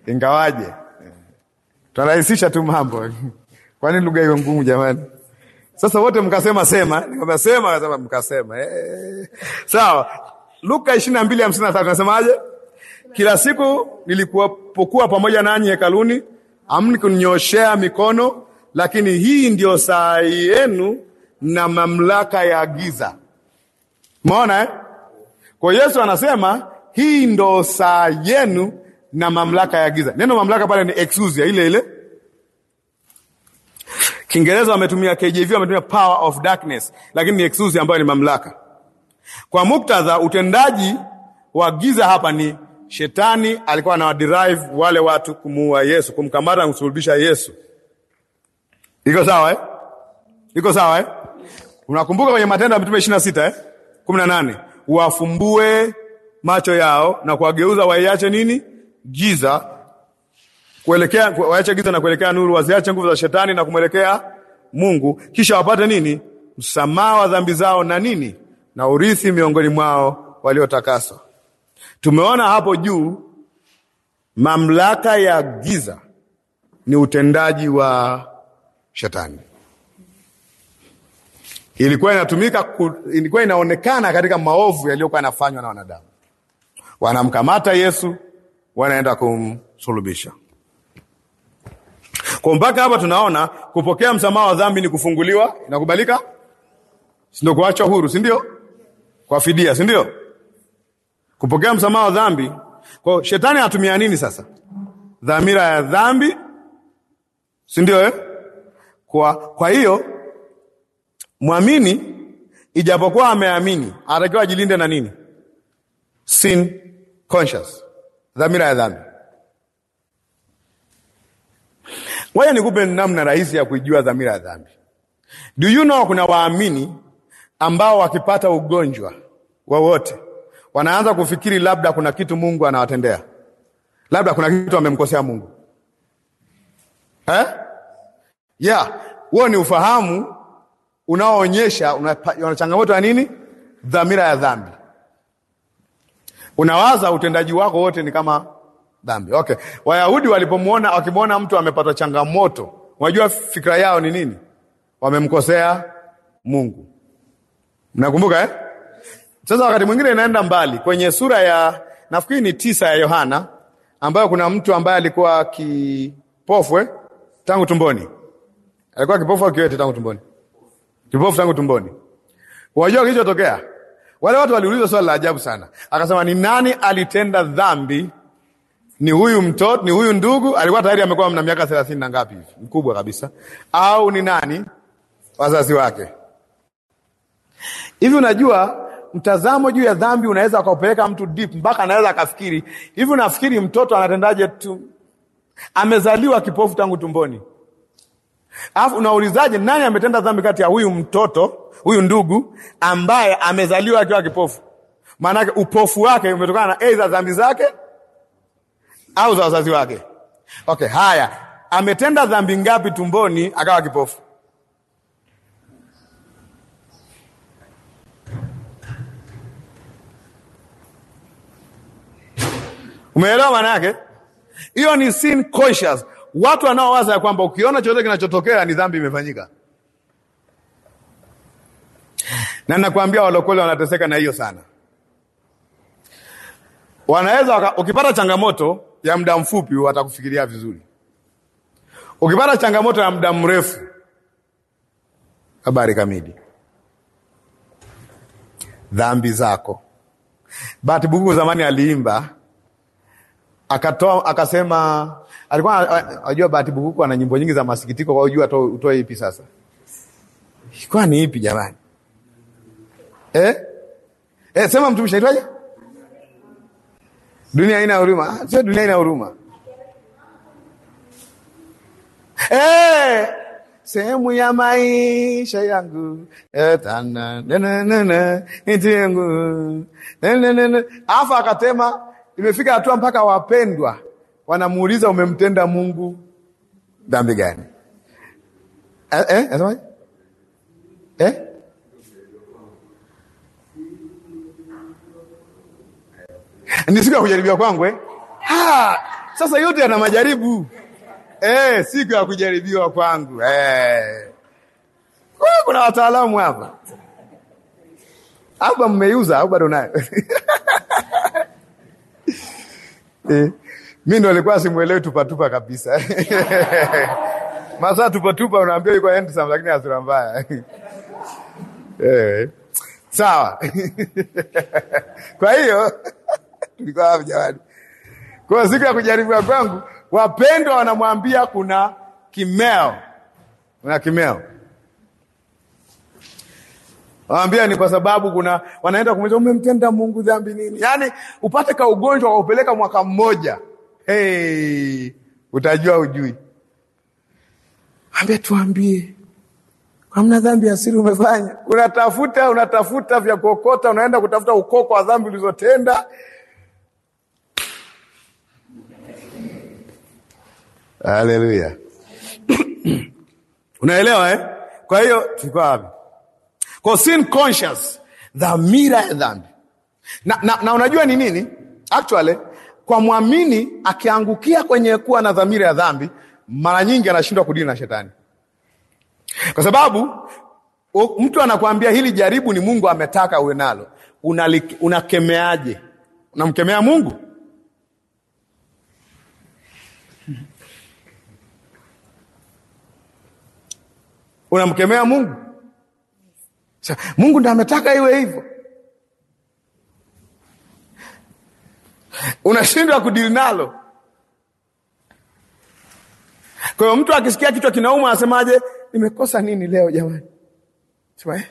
Ingawaje eh, tunarahisisha tu mambo kwani lugha hiyo ngumu jamani? Sasa wote mkasema sema, nikamwambia sema, sema mkasema sawa. Luka ishirini na mbili hamsini na tatu nasemaje? Kila siku nilipokuwa pamoja nanyi hekaluni, amni kunyoshea mikono, lakini hii ndio saa yenu na mamlaka ya giza. Maona eh? Kwa Yesu anasema hii ndo saa yenu na mamlaka ya giza. Neno mamlaka pale ni exousia ile ile. Kiingereza wametumia KJV, wametumia power of darkness, lakini ni exousia ambayo ni mamlaka. Kwa muktadha, utendaji wa giza hapa ni shetani alikuwa anawaderive wale watu kumuua Yesu, kumkamata na kumsulubisha Yesu. Iko sawa eh? Iko sawa eh? Unakumbuka kwenye Matendo ya Mitume ishirini na sita eh? kumi na nane wafumbue macho yao na kuwageuza waiache nini giza kuelekea waache giza na kuelekea nuru, waziache nguvu za shetani na kumwelekea Mungu, kisha wapate nini? Msamaha wa dhambi zao na nini, na urithi miongoni mwao waliotakaswa. Tumeona hapo juu mamlaka ya giza ni utendaji wa shetani ilikuwa inatumika ku, ilikuwa inaonekana katika maovu yaliyokuwa yanafanywa na wanadamu. Wanamkamata Yesu, wanaenda kumsulubisha. Kwa mpaka hapa tunaona kupokea msamaha wa dhambi ni kufunguliwa, inakubalika, si ndio? Kuachwa huru, si ndio? Kwa fidia, si ndio? Kupokea msamaha wa dhambi. Kwa shetani anatumia nini sasa? Dhamira ya dhambi, si ndio eh? Kwa kwa hiyo Mwamini ijapokuwa ameamini, anatakiwa ajilinde na nini? Sin conscious, dhamira ya dhambi. waya nikupe namna rahisi ya kuijua dhamira ya dhambi. Do you know, kuna waamini ambao wakipata ugonjwa wowote wanaanza kufikiri labda kuna kitu Mungu anawatendea, labda kuna kitu amemkosea Mungu eh? Yeah, huo ni ufahamu unaoonyesha una, una changamoto ya nini? Dhamira ya dhambi. Unawaza utendaji wako wote ni kama dhambi. Okay, Wayahudi walipomwona, wakimwona mtu amepata changamoto, unajua fikra yao ni nini? Wamemkosea Mungu. Mnakumbuka eh? Sasa wakati mwingine inaenda mbali kwenye sura ya nafikiri ni tisa ya Yohana, ambayo kuna mtu ambaye alikuwa kipofwe eh? tangu tumboni, alikuwa kipofu au kiwete tangu tumboni kipofu tangu tumboni. Wajua kilichotokea, wale watu waliuliza swali la ajabu sana, akasema ni nani alitenda dhambi? Ni huyu mtoto, ni huyu ndugu alikuwa tayari amekuwa na miaka thelathini na ngapi hivi, mkubwa kabisa, au ni nani wazazi wake? Hivi unajua mtazamo juu ya dhambi unaweza ukaupeleka mtu deep, mpaka anaweza akafikiri hivi. Unafikiri mtoto anatendaje tu? Amezaliwa kipofu tangu tumboni, Alafu unaulizaje nani ametenda dhambi kati ya huyu mtoto huyu ndugu ambaye amezaliwa akiwa kipofu? Maanake upofu wake umetokana na aidha dhambi zake au za wazazi wake. Okay, haya, ametenda dhambi ngapi tumboni akawa kipofu? Umeelewa maana yake? Hiyo ni sin conscious watu wanaowaza ya kwamba ukiona chochote kinachotokea ni dhambi imefanyika. Na nakwambia walokole wanateseka na hiyo sana. Wanaweza ukipata changamoto ya muda mfupi watakufikiria vizuri, ukipata changamoto ya muda mrefu habari kamili dhambi zako. Bahati Buku zamani aliimba akatoa akasema, alikuwa eh, ajua Bahati Bukuku ana nyimbo nyingi za masikitiko, kwa ujua utoe ipi sasa? Ilikuwa ni ipi jamani? Eh? Eh, sema mtumishi aitwaje? Dunia haina huruma. Ah, sio dunia haina huruma. Eh, sehemu ya maisha yangu eh, yangu, afa akatema imefika hatua mpaka wapendwa wanamuuliza umemtenda Mungu dhambi gani? Eh, eh, Eh? Ni siku ya kujaribiwa kwangu eh? sasa yote yana majaribu eh, siku ya kujaribiwa kwangu eh. Kuna wataalamu hapa apa mmeuza au bado nayo? eh mi ndo alikuwa simwelewi tupatupa kabisa masaa tupatupa, unaambia yuko handsome lakini asura mbaya eh, sawa. Kwa hiyo tulikuwa hapo jamani, kwa siku ya kujaribiwa kwangu, wapendwa wanamwambia kuna kimeo, kuna kimeo Wanaambia ni kwa sababu kuna wanaenda kumwambia umemtenda Mungu dhambi nini, yaani upate ka ugonjwa waupeleka mwaka mmoja hey, utajua ujui. Ambia tuambie, hamna dhambi ya siri umefanya. Unatafuta unatafuta vya kuokota, unaenda kutafuta ukoko wa dhambi ulizotenda. Haleluya! unaelewa eh? Kwa hiyo tulikuwa wapi? Kwa sin conscious, dhamira ya dhambi na, na, na unajua ni nini actually kwa mwamini akiangukia kwenye kuwa na dhamira ya dhambi, mara nyingi anashindwa kudili na shetani, kwa sababu mtu anakuambia hili jaribu ni Mungu ametaka uwe nalo, unakemeaje? Unamkemea Mungu? Unamkemea Mungu? Mungu ndo ametaka iwe hivyo. unashindwa kudili nalo. Kwa hiyo mtu akisikia kichwa kinauma anasemaje? Nimekosa nini leo jamani? Sema eh?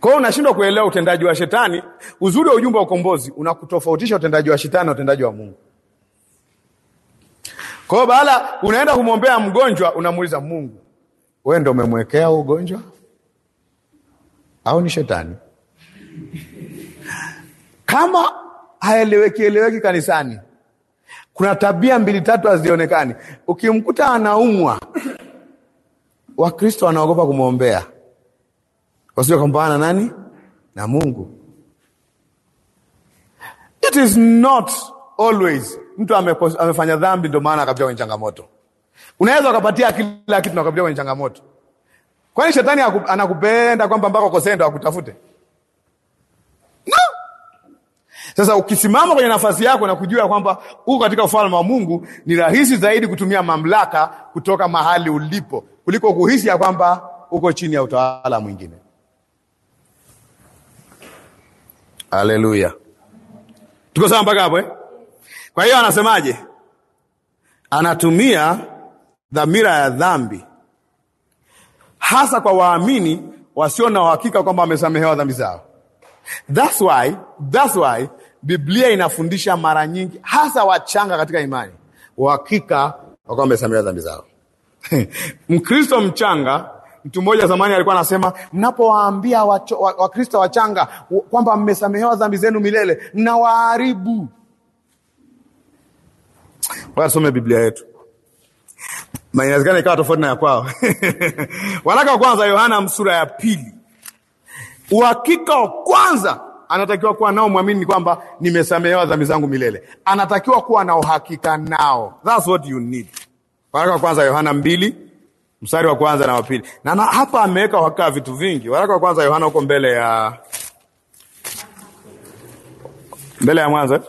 Kwa hiyo unashindwa kuelewa utendaji wa shetani. Uzuri wa ujumbe wa ukombozi unakutofautisha utendaji wa shetani na utendaji wa Mungu. Kwa hiyo baada unaenda kumwombea mgonjwa, unamuuliza Mungu, wewe ndo umemwekea ugonjwa au ni shetani? kama haeleweki eleweki kanisani kuna tabia mbili tatu hazionekani. Ukimkuta anaumwa, Wakristo wanaogopa kumwombea, wasio kampana nani na Mungu. It is not always mtu amefanya dhambi ndio maana akapitia kwenye changamoto. Unaweza ukapatia kila kitu na ukapitia kwenye changamoto. Kwani shetani anakupenda kwamba mpaka ukosee ndo akutafute? Sasa ukisimama kwenye nafasi yako na kujua kwamba uko katika ufalme wa Mungu, ni rahisi zaidi kutumia mamlaka kutoka mahali ulipo kuliko kuhisi ya kwamba uko chini ya utawala mwingine. Aleluya, tuko sawa mpaka hapo eh? Kwa hiyo anasemaje? Anatumia dhamira ya dhambi hasa kwa waamini wasio na uhakika kwamba wamesamehewa dhambi zao. That's why, that's why Biblia inafundisha mara nyingi, hasa wachanga katika imani, uhakika wakawa wamesamehewa dhambi zao. Mkristo mchanga, mtu mmoja zamani alikuwa anasema, mnapowaambia Wakristo wa, wachanga kwamba mmesamehewa dhambi zenu milele, mnawaharibu. Wasome Biblia yetu Inawezekana ikawa tofauti na ya kwao. Waraka wa kwanza Yohana, sura ya pili, uhakika wa kwanza anatakiwa kuwa nao mwamini kwamba nimesamehewa dhambi zangu milele. Anatakiwa kuwa na uhakika nao. That's what you need. Waraka wa kwanza Yohana mbili mstari wa kwanza na wa pili na, na hapa ameweka uhakika vitu vingi. Waraka wa kwanza Yohana huko mbele ya mbele ya Mwanzo eh?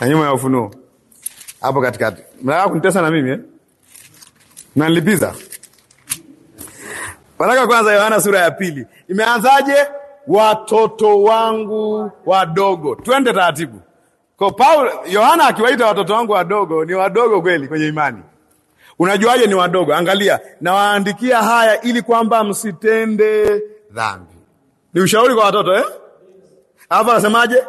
na nyuma ya Ufunuo hapo katikati. Mnataka kunitesa na mimi eh? Nanlipiza Waraka wa kwanza Yohana sura ya pili imeanzaje? watoto wangu wadogo. Twende taratibu. Kwa Paulo, Yohana akiwaita watoto wangu wadogo, ni wadogo kweli kwenye imani. Unajuaje ni wadogo? Angalia, nawaandikia haya ili kwamba msitende dhambi. Ni ushauri kwa watoto eh? Alafu anasemaje?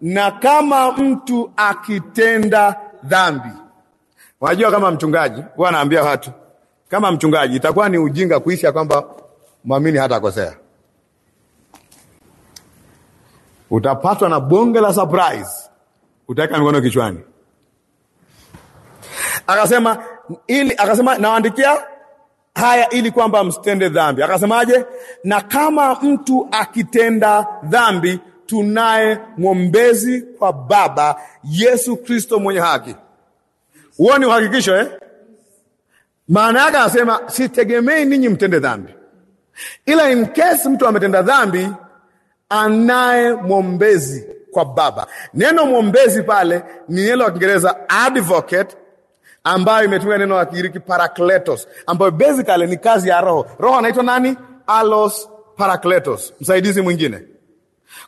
Na kama mtu akitenda dhambi. Unajua, kama mchungaji huwa anaambia watu, kama mchungaji itakuwa ni ujinga kuisha kwamba mwamini hata kosea Utapatwa na bonge la surprise, utaweka mikono kichwani. Akasema ili akasema nawaandikia haya ili kwamba msitende dhambi. Akasemaje? Na kama mtu akitenda dhambi, tunaye mwombezi kwa Baba, Yesu Kristo mwenye haki. Huo ni uhakikisho eh? Maana yake anasema sitegemei ninyi mtende dhambi, ila in case mtu ametenda dhambi anaye mwombezi kwa Baba. Neno mwombezi pale ni neno la Kiingereza advocate, ambayo imetumia neno la Kigiriki parakletos, ambayo basically ni kazi ya Roho. Roho anaitwa nani? Alos parakletos, msaidizi mwingine.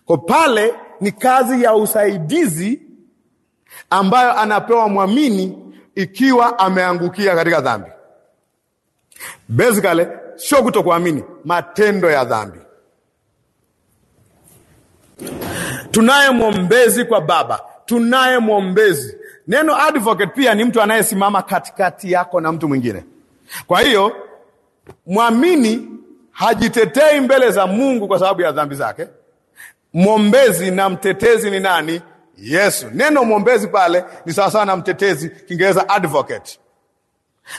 Kwa pale ni kazi ya usaidizi ambayo anapewa mwamini ikiwa ameangukia katika dhambi. Basically sio kutokuamini, matendo ya dhambi. Tunaye mwombezi kwa Baba, tunaye mwombezi. Neno advocate pia ni mtu anayesimama katikati yako na mtu mwingine. Kwa hiyo mwamini hajitetei mbele za Mungu kwa sababu ya dhambi zake. Mwombezi na mtetezi ni nani? Yesu. Neno mwombezi pale ni sawasawa na mtetezi, Kiingereza advocate,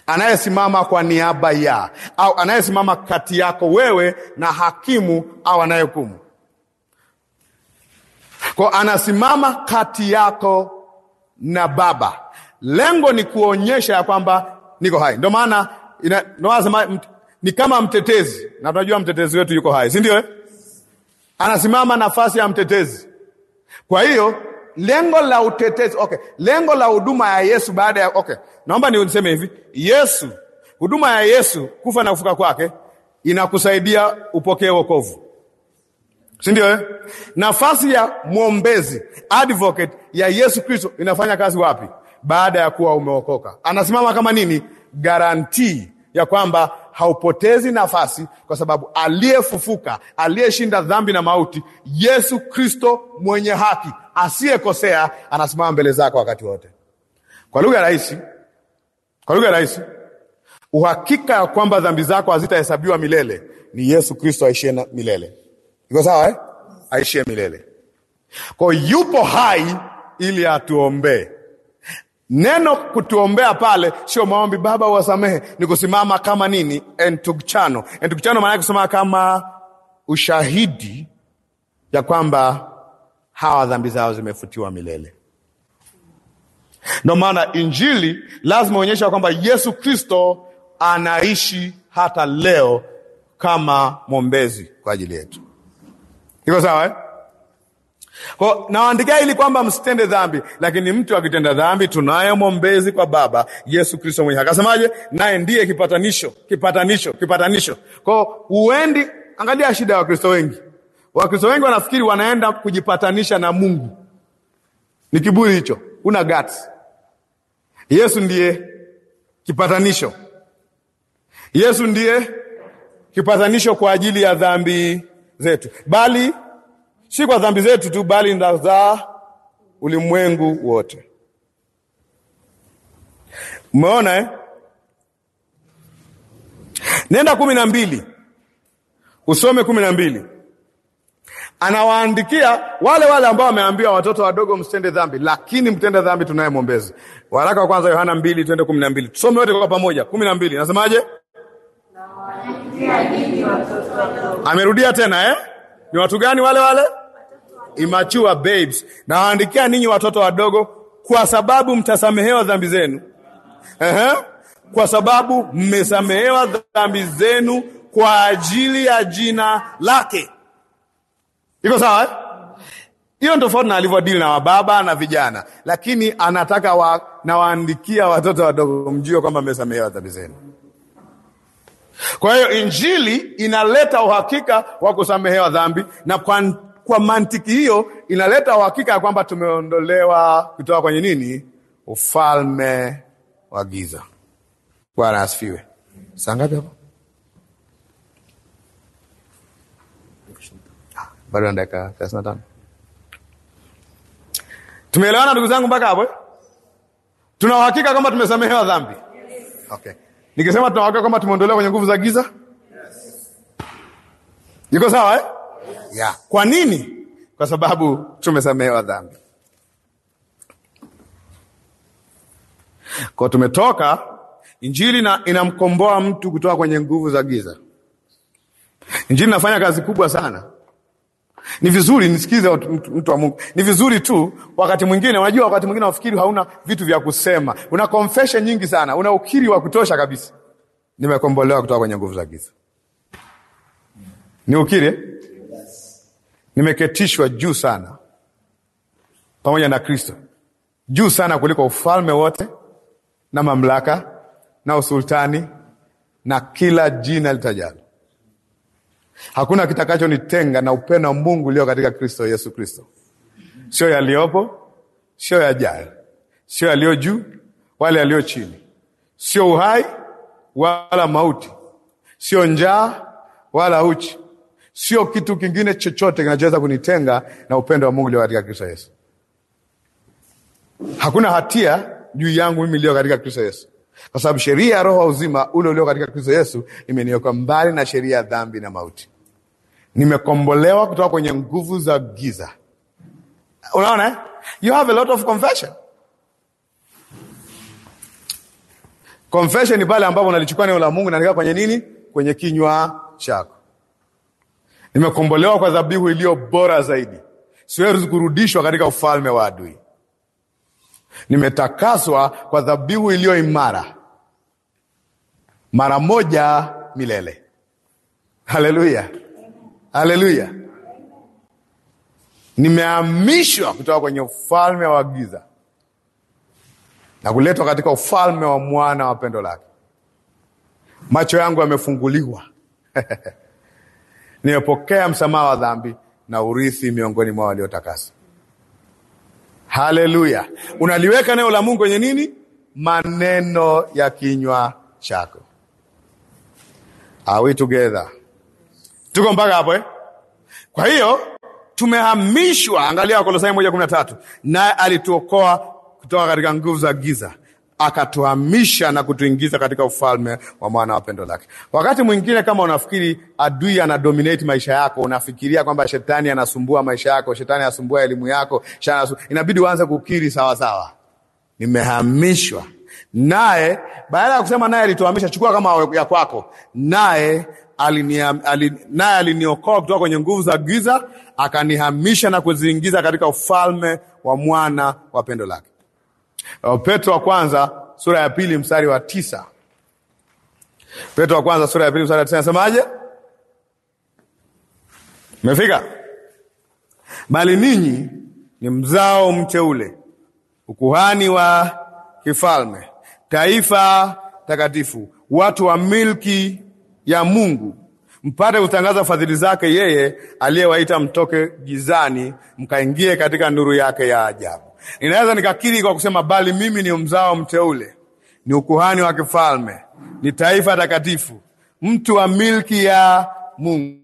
anayesimama kwa niaba ya au anayesimama kati yako wewe na hakimu au anayehukumu. Kwa anasimama kati yako na Baba. Lengo ni kuonyesha ya kwamba niko hai. Ndio maana nasema ni kama mtetezi, na tunajua mtetezi wetu yuko hai, si ndio? Eh? Anasimama nafasi ya mtetezi. Kwa hiyo lengo la utetezi okay, lengo la huduma ya Yesu baada ya okay, naomba niseme hivi, Yesu, huduma ya Yesu kufa na kufuka kwake inakusaidia upokee wokovu si ndio eh? Nafasi ya mwombezi advocate ya Yesu Kristo inafanya kazi wapi? Baada ya kuwa umeokoka, anasimama kama nini? Garantii ya kwamba haupotezi nafasi, kwa sababu aliyefufuka, aliyeshinda dhambi na mauti, Yesu Kristo mwenye haki asiyekosea, anasimama mbele zako wakati wote. Kwa lugha rahisi, kwa lugha rahisi, uhakika ya kwamba dhambi zako hazitahesabiwa milele ni Yesu Kristo aishie milele. Iko sawa eh? Aishie milele. Kwa yupo hai ili atuombee. Neno kutuombea pale sio maombi, Baba wasamehe ni kusimama kama nini? Entukchano. Entukchano maana kusimama kama ushahidi ya kwamba hawa dhambi zao zimefutiwa milele. ndo maana Injili lazima onyesha kwamba Yesu Kristo anaishi hata leo kama mwombezi kwa ajili yetu iko sawa eh? Kwa nawaandikia ili kwamba msitende dhambi, lakini mtu akitenda dhambi tunaye mwombezi kwa Baba, Yesu Kristo mwenyewe. Akasemaje? Naye ndiye kipatanisho, kipatanisho, kipatanisho. Kwao uendi, angalia shida ya Wakristo wengi. Wakristo wengi wanafikiri wanaenda kujipatanisha na Mungu. Ni kiburi hicho, una guts. Yesu ndiye kipatanisho, Yesu ndiye kipatanisho kwa ajili ya dhambi zetu, bali si kwa dhambi zetu tu, bali na za ulimwengu wote. Umeona eh? Nenda kumi na mbili usome kumi na mbili anawaandikia wale wale ambao wameambiwa watoto wadogo msitende dhambi, lakini mtende dhambi tunaye mwombezi. Waraka wa kwanza Yohana mbili twende kumi na mbili tusome wote kwa pamoja. kumi na mbili nasemaje? Amerudia tena eh? Ni watu gani wale wale? Immature babes. Nawaandikia ninyi watoto wadogo kwa sababu mtasamehewa dhambi zenu. Ehe. Kwa sababu mmesamehewa dhambi zenu kwa ajili ya jina lake. Iko sawa eh? Hiyo tofauti na deal na wababa na vijana, lakini anataka wa, nawaandikia watoto wadogo mjue kwamba mmesamehewa dhambi zenu. Kwa hiyo injili inaleta uhakika wa kusamehewa dhambi, na kwa, kwa mantiki hiyo inaleta uhakika ya kwamba tumeondolewa kutoka kwenye nini, ufalme wa giza. Bwana asifiwe. Saa ngapi hapo? Ah, bado na dakika thelathini na tano. Tumeelewana ndugu zangu mpaka hapo? Eh? Tuna uhakika kwamba tumesamehewa dhambi, okay. Nikisema tunawaka kwamba tumeondolewa kwenye nguvu za giza, iko sawa eh? Yeah. Kwa nini? Kwa sababu tumesamehewa dhambi, kwa tumetoka. Injili inamkomboa mtu kutoka kwenye nguvu za giza. Injili inafanya kazi kubwa sana ni vizuri nisikize mtu wa Mungu. Ni vizuri tu wakati mwingine, unajua, wakati mwingine wafikiri hauna vitu vya kusema, una confession nyingi sana, una ukiri wa kutosha kabisa, nimekombolewa kutoka kwenye nguvu za giza, ni ukiri, nimeketishwa juu sana pamoja na Kristo, juu sana kuliko ufalme wote na mamlaka na usultani na kila jina litajalo Hakuna kitakachonitenga na upendo wa Mungu ulio katika Kristo Yesu Kristo, sio yaliyopo, sio yajayo, sio yaliyo juu wala yaliyo chini, sio uhai wala mauti, sio njaa wala uchi, sio kitu kingine chochote kinachoweza kunitenga na upendo wa Mungu ulio katika Kristo Yesu. Hakuna hatia juu yangu mimi iliyo katika Kristo Yesu kwa sababu sheria ya roho wa uzima ule ulio katika Kristo Yesu imeniokoa mbali na sheria ya dhambi na mauti. Nimekombolewa kutoka kwenye nguvu za giza. Unaona, eh? you have a lot of confession. Confession ni pale ambapo nalichukua neno la Mungu naandika kwenye nini, kwenye kinywa chako. Nimekombolewa kwa dhabihu iliyo bora zaidi, siwezi kurudishwa katika ufalme wa adui nimetakaswa kwa dhabihu iliyo imara mara moja milele. Haleluya, haleluya! Nimehamishwa kutoka kwenye ufalme wa giza na kuletwa katika ufalme wa mwana wa pendo lake. Macho yangu yamefunguliwa. Nimepokea msamaha wa dhambi na urithi miongoni mwa waliotakaswa. Haleluya! Unaliweka neno la Mungu kwenye nini? Maneno ya kinywa chako. Are we together? Tuko mpaka hapo eh? Kwa hiyo tumehamishwa, angalia Wakolosai moja kumi na tatu, naye alituokoa kutoka katika nguvu za giza akatuhamisha na kutuingiza katika ufalme wa mwana wa pendo lake. Wakati mwingine kama unafikiri adui anadominate maisha yako, unafikiria kwamba shetani anasumbua maisha yako, shetani anasumbua elimu yako, inabidi uanze kukiri sawasawa, nimehamishwa naye. Baada ya kusema naye alituhamisha, chukua kama ya kwako, naye naye aliniokoa kutoka kwenye nguvu za giza, akanihamisha na kuziingiza katika ufalme wa mwana wa pendo lake. Uh, Petro wa kwanza sura ya pili mstari wa tisa. Petro wa kwanza sura ya pili mstari wa tisa nasemaje? Mefika? Bali ninyi ni mzao mteule, ukuhani wa kifalme, taifa takatifu, watu wa milki ya Mungu, mpate kutangaza fadhili zake yeye aliyewaita mtoke gizani mkaingie katika nuru yake ya ajabu. Ninaweza nikakiri kwa kusema bali mimi ni mzao mteule, ni ukuhani wa kifalme, ni taifa takatifu, mtu wa milki ya Mungu,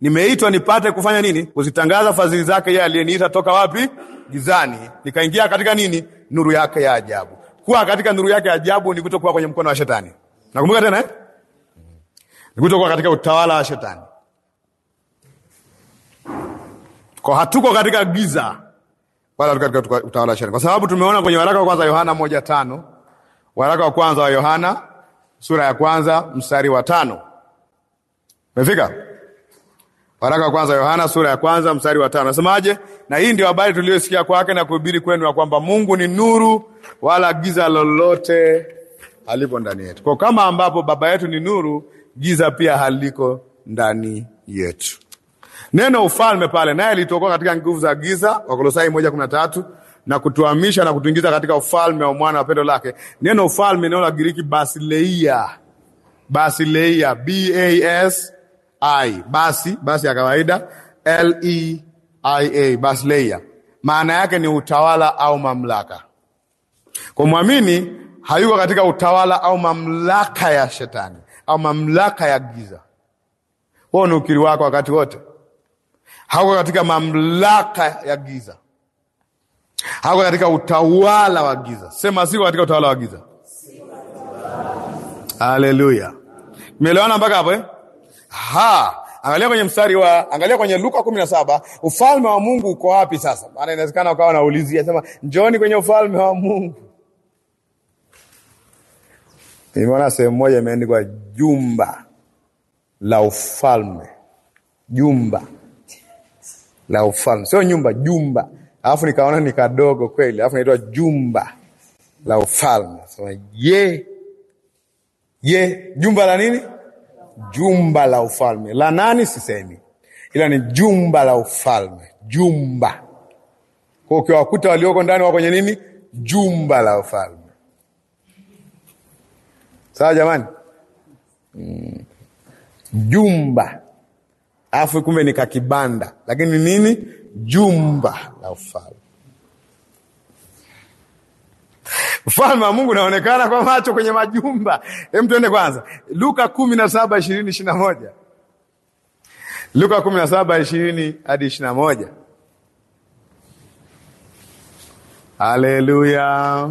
nimeitwa nipate kufanya nini? Kuzitangaza fadhili zake yeye aliyeniita toka wapi? Gizani, nikaingia katika nini? Nuru yake ya ajabu. Kuwa katika nuru yake ya ajabu ni kutokuwa kwenye mkono wa shetani. Nakumbuka tena eh? Ni kutokuwa katika utawala wa shetani. Kwa hatuko katika giza wala katika utawala wa shetani, kwa sababu tumeona kwenye waraka wa kwanza Yohana moja tano, waraka wa kwanza wa Yohana sura ya kwanza mstari wa tano. Mefika? Waraka wa kwanza Yohana sura ya kwanza mstari wa tano nasemaje? Na hii ndio habari tuliyosikia kwake na kuhubiri kwenu, ya kwamba Mungu ni nuru, wala giza lolote halipo ndani yetu. Kwa kama ambapo baba yetu ni nuru, giza pia haliko ndani yetu. Neno ufalme pale naye alitokoa katika nguvu za giza, Wakolosai moja kumi na tatu, na kutuhamisha na kutuingiza katika ufalme wa mwana wa pendo lake. Neno ufalme, neno la Giriki basileia, basileia, b a s i, basi basi ya kawaida l e i a, basileia, maana yake ni utawala au mamlaka. Kwa mwamini hayuko katika utawala au mamlaka ya shetani au mamlaka ya giza. Huo ni ukiri wako wakati wote hawako katika mamlaka ya giza, hawako katika utawala wa giza. Sema siko katika utawala wa giza. Haleluya, melewana mpaka hapo eh? Ha, angalia kwenye mstari wa, angalia kwenye Luka kumi na saba. Ufalme wa Mungu uko wapi sasa? Maana inawezekana ukawa naulizia, sema njoni kwenye ufalme wa Mungu. Nimeona sehemu moja imeandikwa jumba la ufalme, jumba la ufalme, sio nyumba, jumba. Alafu nikaona ni kadogo kweli, alafu naitwa jumba la ufalme. Sema ye ye, jumba la nini? Jumba la ufalme la nani? Sisemi, ila ni jumba la ufalme, jumba kwa ukiwakuta walioko ndani wa kwenye nini? Jumba la ufalme. Sawa jamani, mm. Jumba alafu kumbe kakibanda lakini nini, jumba la ufalme. Ufalme wa Mungu unaonekana kwa macho kwenye majumba. Hem, tuende kwanza Luka kumi na saba ishirini ishirini na moja Luka kumi na saba ishirini hadi ishirini na moja Haleluya,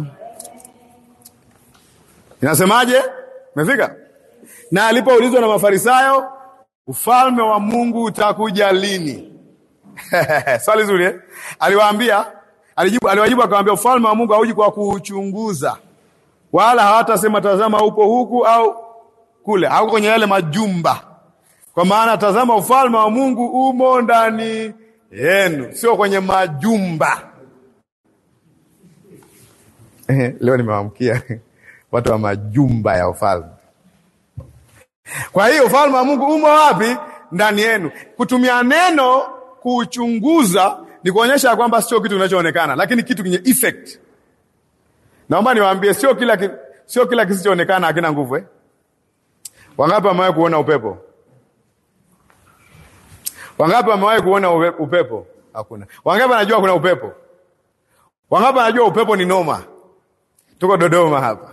inasemaje? mefika Na alipoulizwa na Mafarisayo Ufalme wa Mungu utakuja lini? Swali zuri eh? Aliwaambia, alijibu, aliwajibu akawaambia, ufalme wa Mungu hauji kwa kuuchunguza, wala hawatasema tazama upo huku au kule, hauko kwenye yale majumba, kwa maana tazama, ufalme wa Mungu umo ndani yenu, sio kwenye majumba. Leo nimewamkia watu wa majumba ya ufalme kwa hiyo ufalme wa Mungu umo wapi? Ndani yenu. Kutumia neno kuuchunguza ni kuonyesha kwamba sio kitu kinachoonekana, lakini kitu kenye effect. Naomba niwaambie, sio kila sio kila kisichoonekana hakina nguvu eh? Wangapi wamewahi kuona upepo? Wangapi wamewahi kuona upepo? Hakuna. Wangapi wanajua kuna upepo? Wangapi wanajua upepo ni noma? Tuko Dodoma hapa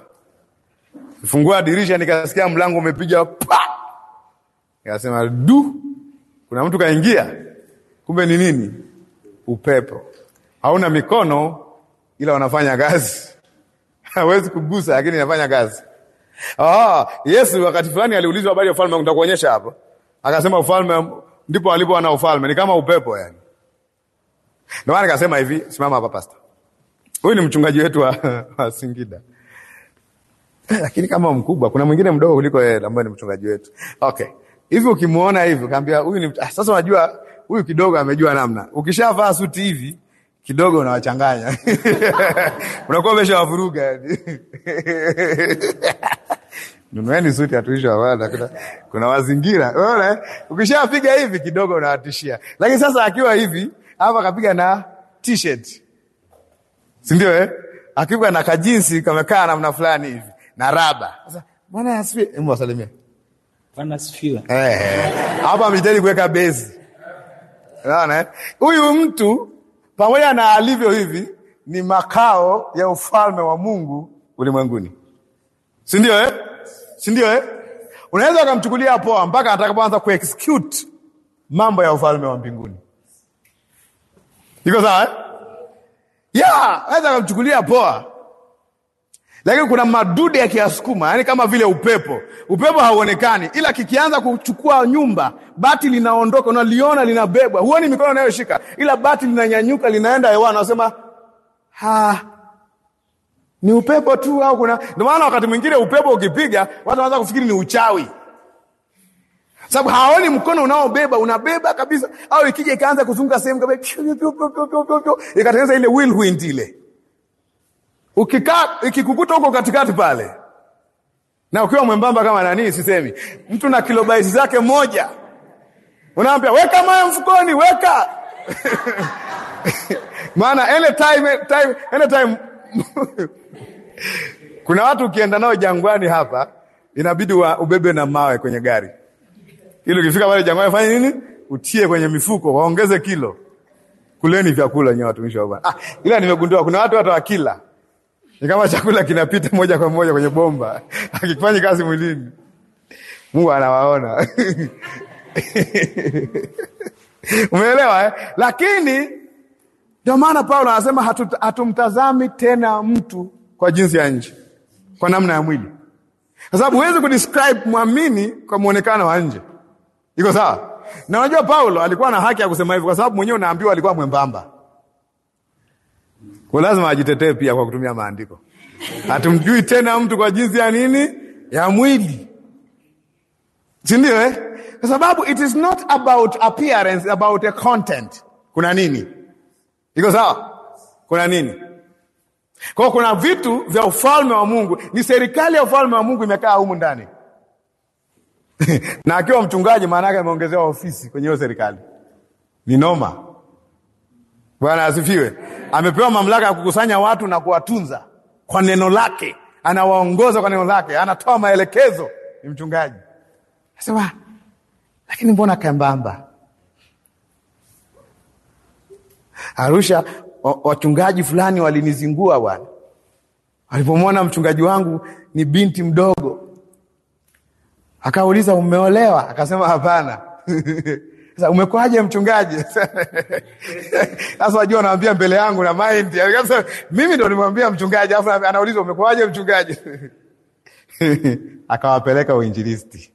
Fungua dirisha, nikasikia mlango umepiga pa, nikasema du, kuna mtu kaingia. Kumbe ni nini? Upepo. Hauna mikono, ila wanafanya kazi hawezi kugusa, lakini inafanya kazi. Oh, Yesu wakati fulani aliulizwa habari ya ufalme, nitakuonyesha hapo. Akasema ufalme ndipo alipo ana ufalme, ni kama upepo yani. Ndio maana nikasema hivi, simama hapa pasta. Huyu ni mchungaji wetu wa, wa Singida. lakini kama mkubwa, kuna mwingine mdogo kuliko yeye ambaye ni mchungaji wetu. Okay, hivi ukimwona hivi kaambia huyu ni ah, sasa unajua huyu kidogo amejua namna. Ukishavaa suti hivi kidogo unawachanganya unakuwa umeshawavuruga yani. Nunueni suti hatuisha wala kuna, kuna mazingira unaona, eh? ukishapiga hivi kidogo unawatishia. Lakini sasa akiwa hivi hapa akapiga na t-shirt, si ndio eh? Akiwa na kajinsi kamekaa namna fulani hivi na raba. Sasa bwana asifiwe, hebu wasalimie. Bwana asifiwe. Eh, hapa kuweka bezi. Unaona, eh? huyu mtu pamoja na alivyo hivi ni makao ya ufalme wa Mungu ulimwenguni, si ndio eh? si ndio eh? Unaweza ukamchukulia poa mpaka atakapoanza kuexecute mambo ya ufalme wa mbinguni. Iko sawa eh? Yeah, naweza ukamchukulia poa lakini kuna madude ya kiasukuma, yani kama vile upepo. Upepo hauonekani, ila kikianza kuchukua nyumba, bati linaondoka, unaliona linabebwa, huoni mikono inayoshika, ila bati linanyanyuka, linaenda hewani, nasema ha, ni upepo tu au kuna. Ndio maana wakati mwingine upepo ukipiga, watu wanaanza kufikiri ni uchawi, sababu haoni mkono unaobeba, unabeba kabisa. Au ikija ikaanza kuzunguka sehemu kabisa, ikatengeneza ile whirlwind ile Ukikaa ikikukuta huko katikati pale na ukiwa mwembamba kama nani, sisemi mtu na kilobaisi zake moja, unaambia weka moyo mfukoni, weka maana anytime, time, anytime. Kuna watu ukienda nao jangwani hapa inabidi wa ubebe na mawe kwenye gari ili ukifika pale jangwani fanya nini, utie kwenye mifuko, waongeze kilo. Kuleni vyakula nyewe, watumishi wa Bwana. Ah, ila nimegundua kuna watu hata wakila ni kama chakula kinapita moja kwa moja kwenye bomba, akifanyi kazi mwilini. Mungu anawaona umeelewa eh? Lakini ndio maana Paulo anasema hatu, hatumtazami tena mtu kwa jinsi ya nje, kwa namna ya mwili, kwa sababu huwezi kudescribe mwamini kwa mwonekano wa nje. Iko sawa? Na unajua Paulo alikuwa na haki ya kusema hivyo, kwa sababu mwenyewe unaambiwa alikuwa mwembamba kwa lazima ajitetee pia kwa kutumia maandiko. Hatumjui tena mtu kwa jinsi ya nini? Ya mwili. Si ndio eh? Kwa sababu it is not about appearance, about a content. Kuna nini? Iko sawa? Kuna nini? Kwa kuna vitu vya ufalme wa Mungu, ni serikali ya ufalme wa Mungu imekaa humu ndani. na akiwa mchungaji maana yake ameongezewa ofisi kwenye hiyo serikali. Ni noma. Bwana asifiwe. Amepewa mamlaka ya kukusanya watu na kuwatunza kwa neno lake, anawaongoza kwa neno lake, anatoa maelekezo. Ni mchungaji asema, lakini mbona kambamba? Arusha wachungaji fulani walinizingua bwana, walipomwona mchungaji wangu ni binti mdogo, akauliza umeolewa? Akasema hapana Sasa umekuaje mchungaji? Sasa wajua naambia mbele yangu na mind. Sasa mimi ndo nimwambia mchungaji, afu anauliza umekuaje mchungaji? Akawapeleka uinjilisti.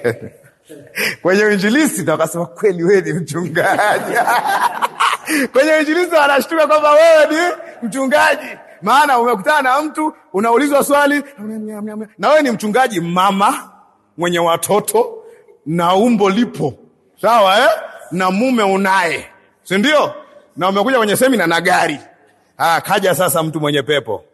Kwenye uinjilisti na wakasema kweli wewe ni mchungaji. Kwenye uinjilisti wanashtuka kwamba wewe ni mchungaji. Maana umekutana na mtu unaulizwa swali na wewe ni mchungaji mama mwenye watoto na umbo lipo sawa eh? na mume unaye, si ndio? na umekuja kwenye semina na gari. Ah, kaja sasa mtu mwenye pepo.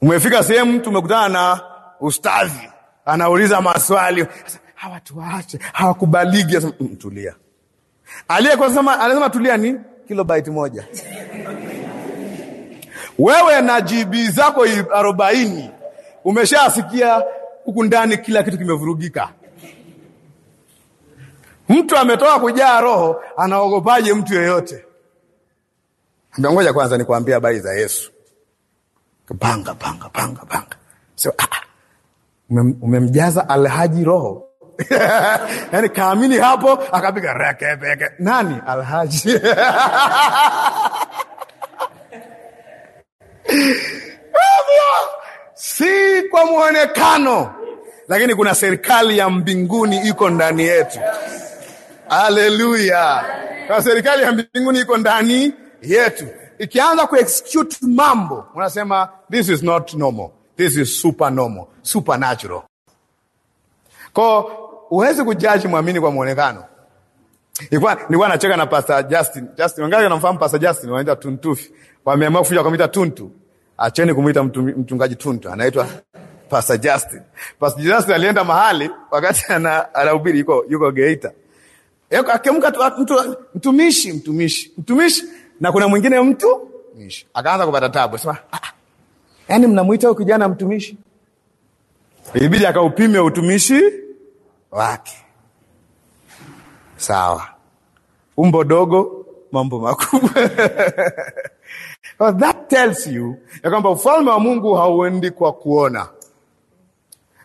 Umefika sehemu, tumekutana na ustadhi, anauliza maswali, hawa tuache, hawakubaliki. Mm, tulia, aliyekuwa anasema tulia ni kilobaiti moja wewe na GB zako arobaini umeshasikia huku ndani, kila kitu kimevurugika. Mtu ametoka kujaa roho, anaogopaje mtu yeyote? Ngoja kwanza nikuambia habari za Yesu. Panga panga panga panga, so, ah, ah. umemjaza Alhaji roho yaani kaamini hapo, akapiga rekebeke. Nani Alhaji? si kwa mwonekano, lakini kuna serikali ya mbinguni iko ndani yetu. Haleluya! Kwa serikali ya mbinguni iko ndani yetu, ikianza ku execute mambo unasema this is not normal, this is super normal, supernatural. Ko uwezi kujaji mwamini kwa mwonekano. Nilikuwa nacheka na Pastor Justin, Justin wangapi wanamfahamu Pastor Justin? Wanaita Tuntufi, wameamua kufuja kumwita Tuntu. Acheni kumwita mchungaji Tuntu, anaitwa Pastor Justin. Pastor Justin alienda mahali wakati anahubiri, yuko, yuko Geita Akiamka ah, ah, mtumishi mtumishi mtumishi, na kuna mwingine mtu mtumishi, akaanza kupata tabu, sema ah, yaani, mnamwita huyu kijana mtumishi? ibidi akaupime utumishi wake. Sawa, umbo dogo, mambo makubwa. Well, that tells you ya kwamba ufalme wa Mungu hauendi kwa kuona,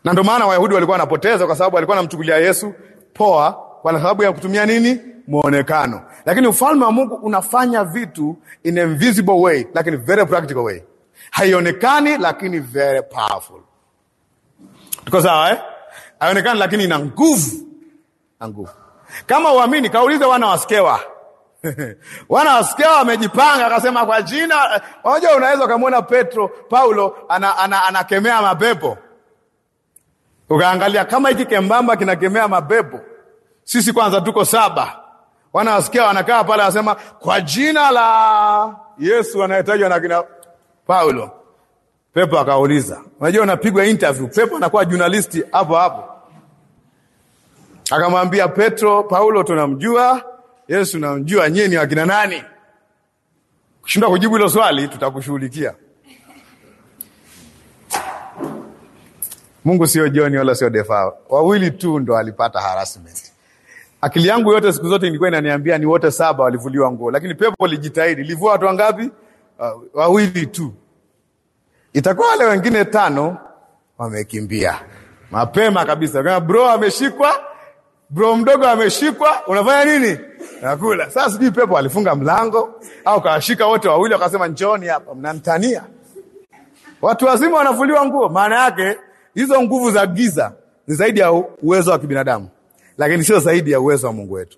na ndio maana Wayahudi walikuwa wanapoteza, kwa sababu walikuwa wanamchukulia Yesu poa kwa sababu ya kutumia nini? Muonekano. Lakini ufalme wa Mungu unafanya vitu in invisible way, lakini very practical way. Haionekani lakini very powerful. Tuko sawa eh? Haionekani lakini ina nguvu na nguvu. Kama uamini, kaulize wana wasikewa wana wasikewa wamejipanga, akasema kwa jina waja. Unaweza ukamwona Petro Paulo anakemea ana, ana mapepo, ukaangalia kama hiki kembamba kinakemea mapepo sisi kwanza tuko saba, wanawasikia wanakaa pale, wanasema kwa jina la Yesu anayetajwa na kina Paulo. Pepo akauliza, unajua unapigwa interview. Pepo anakuwa journalist hapo hapo, akamwambia Petro, Paulo tunamjua, Yesu namjua, nyie ni wakina nani? Kushinda kujibu hilo swali, tutakushughulikia. Mungu sio Joni wala sio Defao, wawili tu ndo alipata harassment. Akili yangu yote siku zote ilikuwa inaniambia ni wote saba walivuliwa nguo, lakini pepo lijitahidi livua watu wangapi? Uh, wawili tu. Itakuwa wale wengine tano wamekimbia mapema kabisa. Kama bro ameshikwa, bro mdogo ameshikwa, unafanya nini? Nakula. Sasa sijui pepo alifunga mlango au kawashika wote wawili, wakasema njoni hapa, mnamtania. Watu wazima wanavuliwa nguo. Maana yake hizo nguvu za giza ni zaidi ya uwezo wa kibinadamu lakini sio zaidi ya uwezo wa Mungu wetu.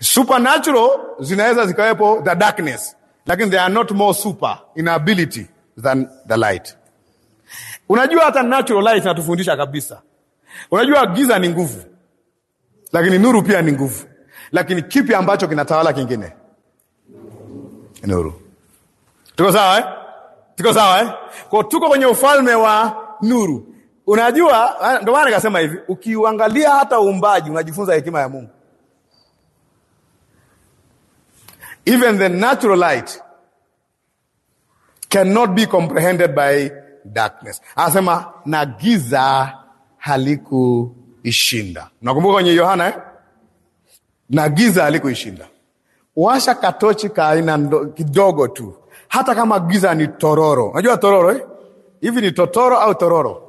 Supernatural zinaweza zikawepo the darkness, lakini they are not more super in ability than the light. Unajua hata natural light natufundisha kabisa. Unajua giza ni nguvu, lakini nuru pia ni nguvu, lakini kipi ambacho kinatawala kingine? Nuru. Tuko sawa eh? Tuko sawa eh? Kwa tuko kwenye ufalme wa nuru. Unajua, ah, ndio maana nikasema hivi, ukiuangalia hata uumbaji unajifunza hekima ya Mungu. Even the natural light cannot be comprehended by darkness. Anasema na giza halikuishinda. Nakumbuka kwenye Yohana eh? Na giza halikuishinda. Washa katochi ka aina kidogo tu, hata kama giza ni tororo. Unajua tororo eh? hivi ni totoro au tororo?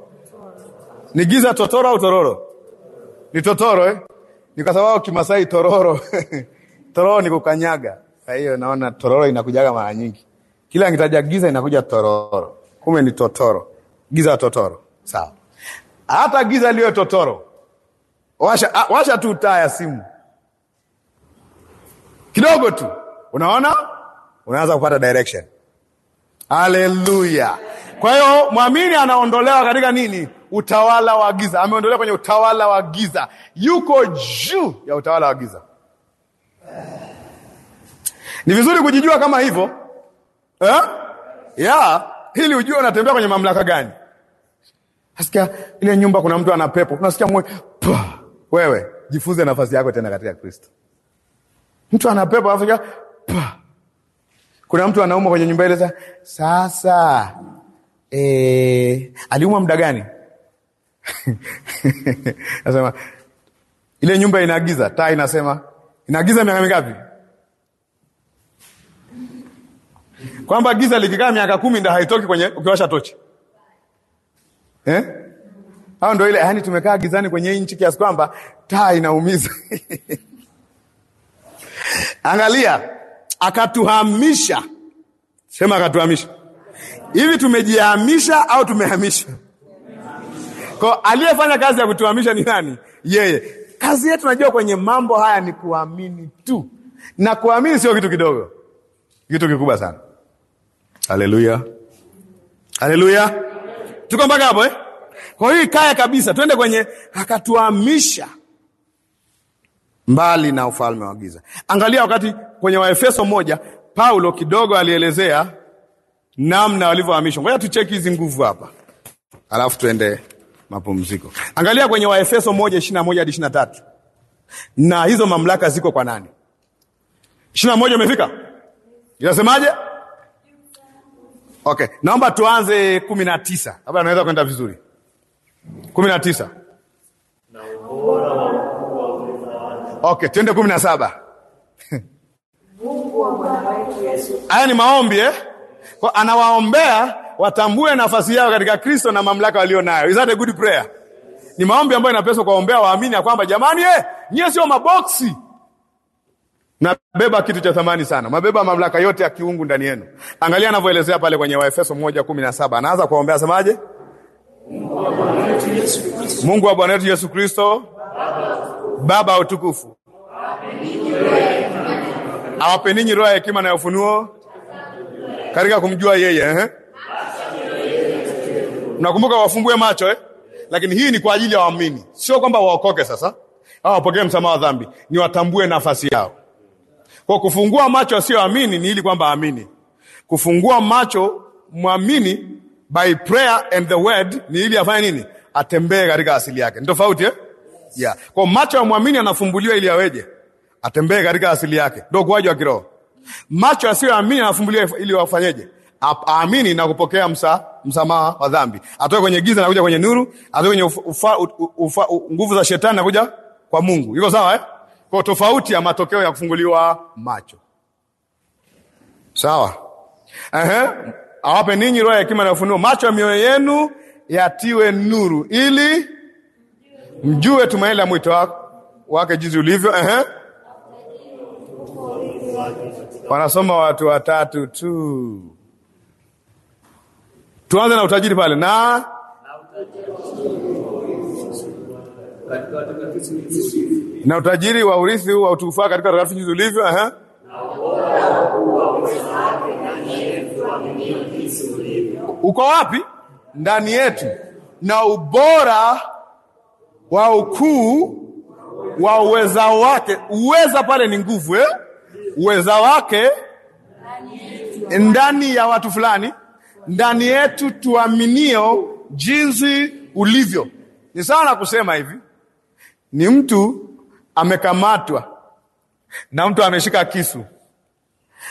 Ni giza totoro au tororo? Ni totoro eh? Ni kwa sababu Kimasai tororo tororo ni kukanyaga. Kwa hiyo naona tororo inakujaga mara nyingi, kila nikitaja giza inakuja tororo, kumbe ni totoro. Giza totoro, sawa. Hata giza liyo totoro, washa, ah, washa tu taa ya simu kidogo tu, unaona unaanza kupata direction. Haleluya! Kwa hiyo mwamini anaondolewa katika nini? utawala wa giza, ameondolewa kwenye utawala wa giza, yuko juu ya utawala wa giza. Ni vizuri kujijua kama hivyo eh? yeah. Hili ujue unatembea kwenye mamlaka gani. Nasikia ile nyumba kuna mtu ana pepo, unasikia mwe wewe, jifunze nafasi yako tena katika Kristo. Mtu ana pepo afu kuna mtu anaumwa kwenye nyumba ile. Sasa e, aliumwa muda gani? Nasema ile nyumba inaagiza taa inasema inaagiza miaka mingapi? Kwamba giza likikaa miaka kumi ndio haitoki kwenye ukiwasha tochi eh? Au ndo ile yani, tumekaa gizani kwenye nchi kiasi kwamba taa inaumiza. Angalia, akatuhamisha, sema akatuhamisha. Hivi tumejihamisha au tumehamisha? Kwa aliyefanya kazi ya kutuhamisha ni nani? Yeye. Kazi yetu najua kwenye mambo haya ni kuamini tu, na kuamini sio kitu kidogo, kitu kikubwa sana. Haleluya, haleluya, tuko mpaka hapo eh? Kwa hiyo ikaya kabisa, twende kwenye akatuhamisha mbali na ufalme wa giza. Angalia wakati kwenye Waefeso moja Paulo kidogo alielezea namna walivyohamishwa. Ngoja tucheki hizi nguvu hapa, alafu tuende mapumziko. Angalia kwenye Waefeso moja ishirini na moja hadi ishirini na tatu na hizo mamlaka ziko kwa nani? ishirini na moja umefika? Inasemaje? Okay, naomba tuanze kumi na tisa labda naweza kwenda vizuri. kumi na tisa Okay, tuende kumi na saba Haya ni maombi eh? Kwa anawaombea watambue nafasi yao katika Kristo na mamlaka walio nayo. Is that a good prayer? Ni maombi ambayo inapaswa kuwaombea waamini ya kwamba jamani, eh, nyie sio maboksi, nabeba kitu cha thamani sana, mabeba mamlaka yote ya kiungu ndani yenu. Angalia anavyoelezea pale kwenye Waefeso moja kumi na saba anaanza kuwaombea asemaje? Mungu wa Bwana wetu Yesu Kristo, Baba wa utukufu, awape ninyi roho ya hekima na ufunuo katika kumjua yeye eh? Mnakumbuka wafungue macho eh? Lakini hii ni kwa ajili ya waamini, sio kwamba waokoke sasa au wapokee msamaha wa dhambi, ni watambue nafasi yao. Kwa kufungua macho sio amini, ni ili kwamba amini. Kufungua macho mwamini by prayer and the word ni ili afanye nini? Atembee katika asili yake. Ni tofauti eh? Yeah. Kwa macho ya mwamini anafumbuliwa ili aweje? Atembee katika asili yake. Ndio ukuaji wa kiroho. Macho asiyoamini anafumbuliwa ili wafanyeje? aamini na kupokea msa, msamaha wa dhambi, atoke kwenye giza na kuja kwenye nuru, atoke kwenye nguvu za shetani na kuja kwa Mungu. Iko sawa eh? Kwa tofauti ya matokeo ya kufunguliwa macho, sawa. Ehe, awape ninyi roho ya hekima na ufunuo, macho ya mioyo yenu yatiwe nuru, ili mjue tumaini la mwito wake jinsi ulivyo. Ehe, wanasoma watu watatu tu tuanze na utajiri pale na na utajiri wa urithi wa utukufu katika takatifu jinsi ulivyo eh uko wapi ndani yetu na ubora wa ukuu wa uweza wake uweza pale ni nguvu eh uweza wake ndani ya watu fulani ndani yetu tuaminio jinsi ulivyo. Ni sawa na kusema hivi, ni mtu amekamatwa na mtu ameshika kisu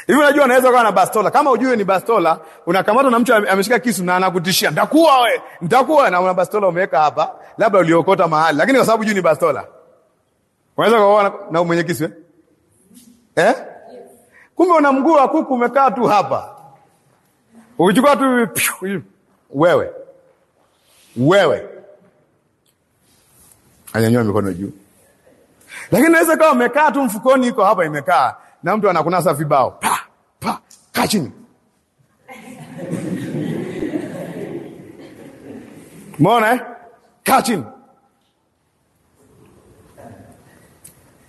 hivi. Unajua, anaweza kuwa na bastola. Kama ujue ni bastola, unakamatwa na mtu ameshika kisu na anakutishia, ntakuwa we, ntakuwa na una bastola umeweka hapa, labda uliokota mahali, lakini kwa sababu juu ni bastola, unaweza kuona na mwenye kisu eh? Eh? Kumbe una mguu wa kuku umekaa tu hapa Ukichukua tu wewe wewe, anyanyua mikono juu. Lakini naweza kawa umekaa tu mfukoni, iko hapa imekaa, na mtu anakunasa vibao, pa pa, kachini eh?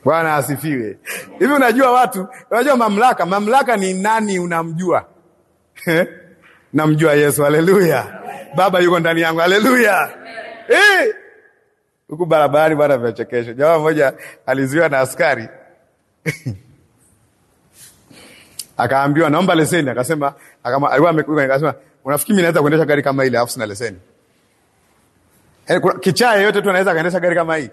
Bwana asifiwe. Hivi unajua watu, unajua mamlaka, mamlaka ni nani unamjua? Eh? namjua Yesu. Haleluya! Baba yuko ndani yangu. Haleluya! huku eh! huku barabarani bana vyachekesho. Jamaa mmoja aliziwa na askari akaambiwa, naomba leseni. Akasema alikuwa akasema unafikiri mi naweza kuendesha gari kama ile alafu sina leseni? Eh, Kichaa yeyote tu anaweza akaendesha gari kama hii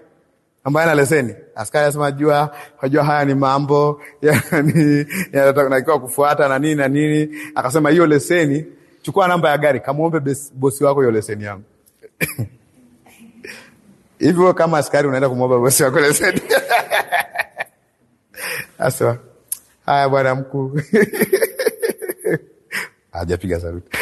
ambayo ana leseni. Askari asema jua hajua, haya ni mambo yani, yanatakiwa kufuata na nini na nini. Akasema hiyo leseni chukua namba ya gari, kamwombe bosi wako hiyo leseni yangu. Hivyo kama askari unaenda kumwomba bosi wako leseni asa, Haya bwana mkuu ajapiga sauti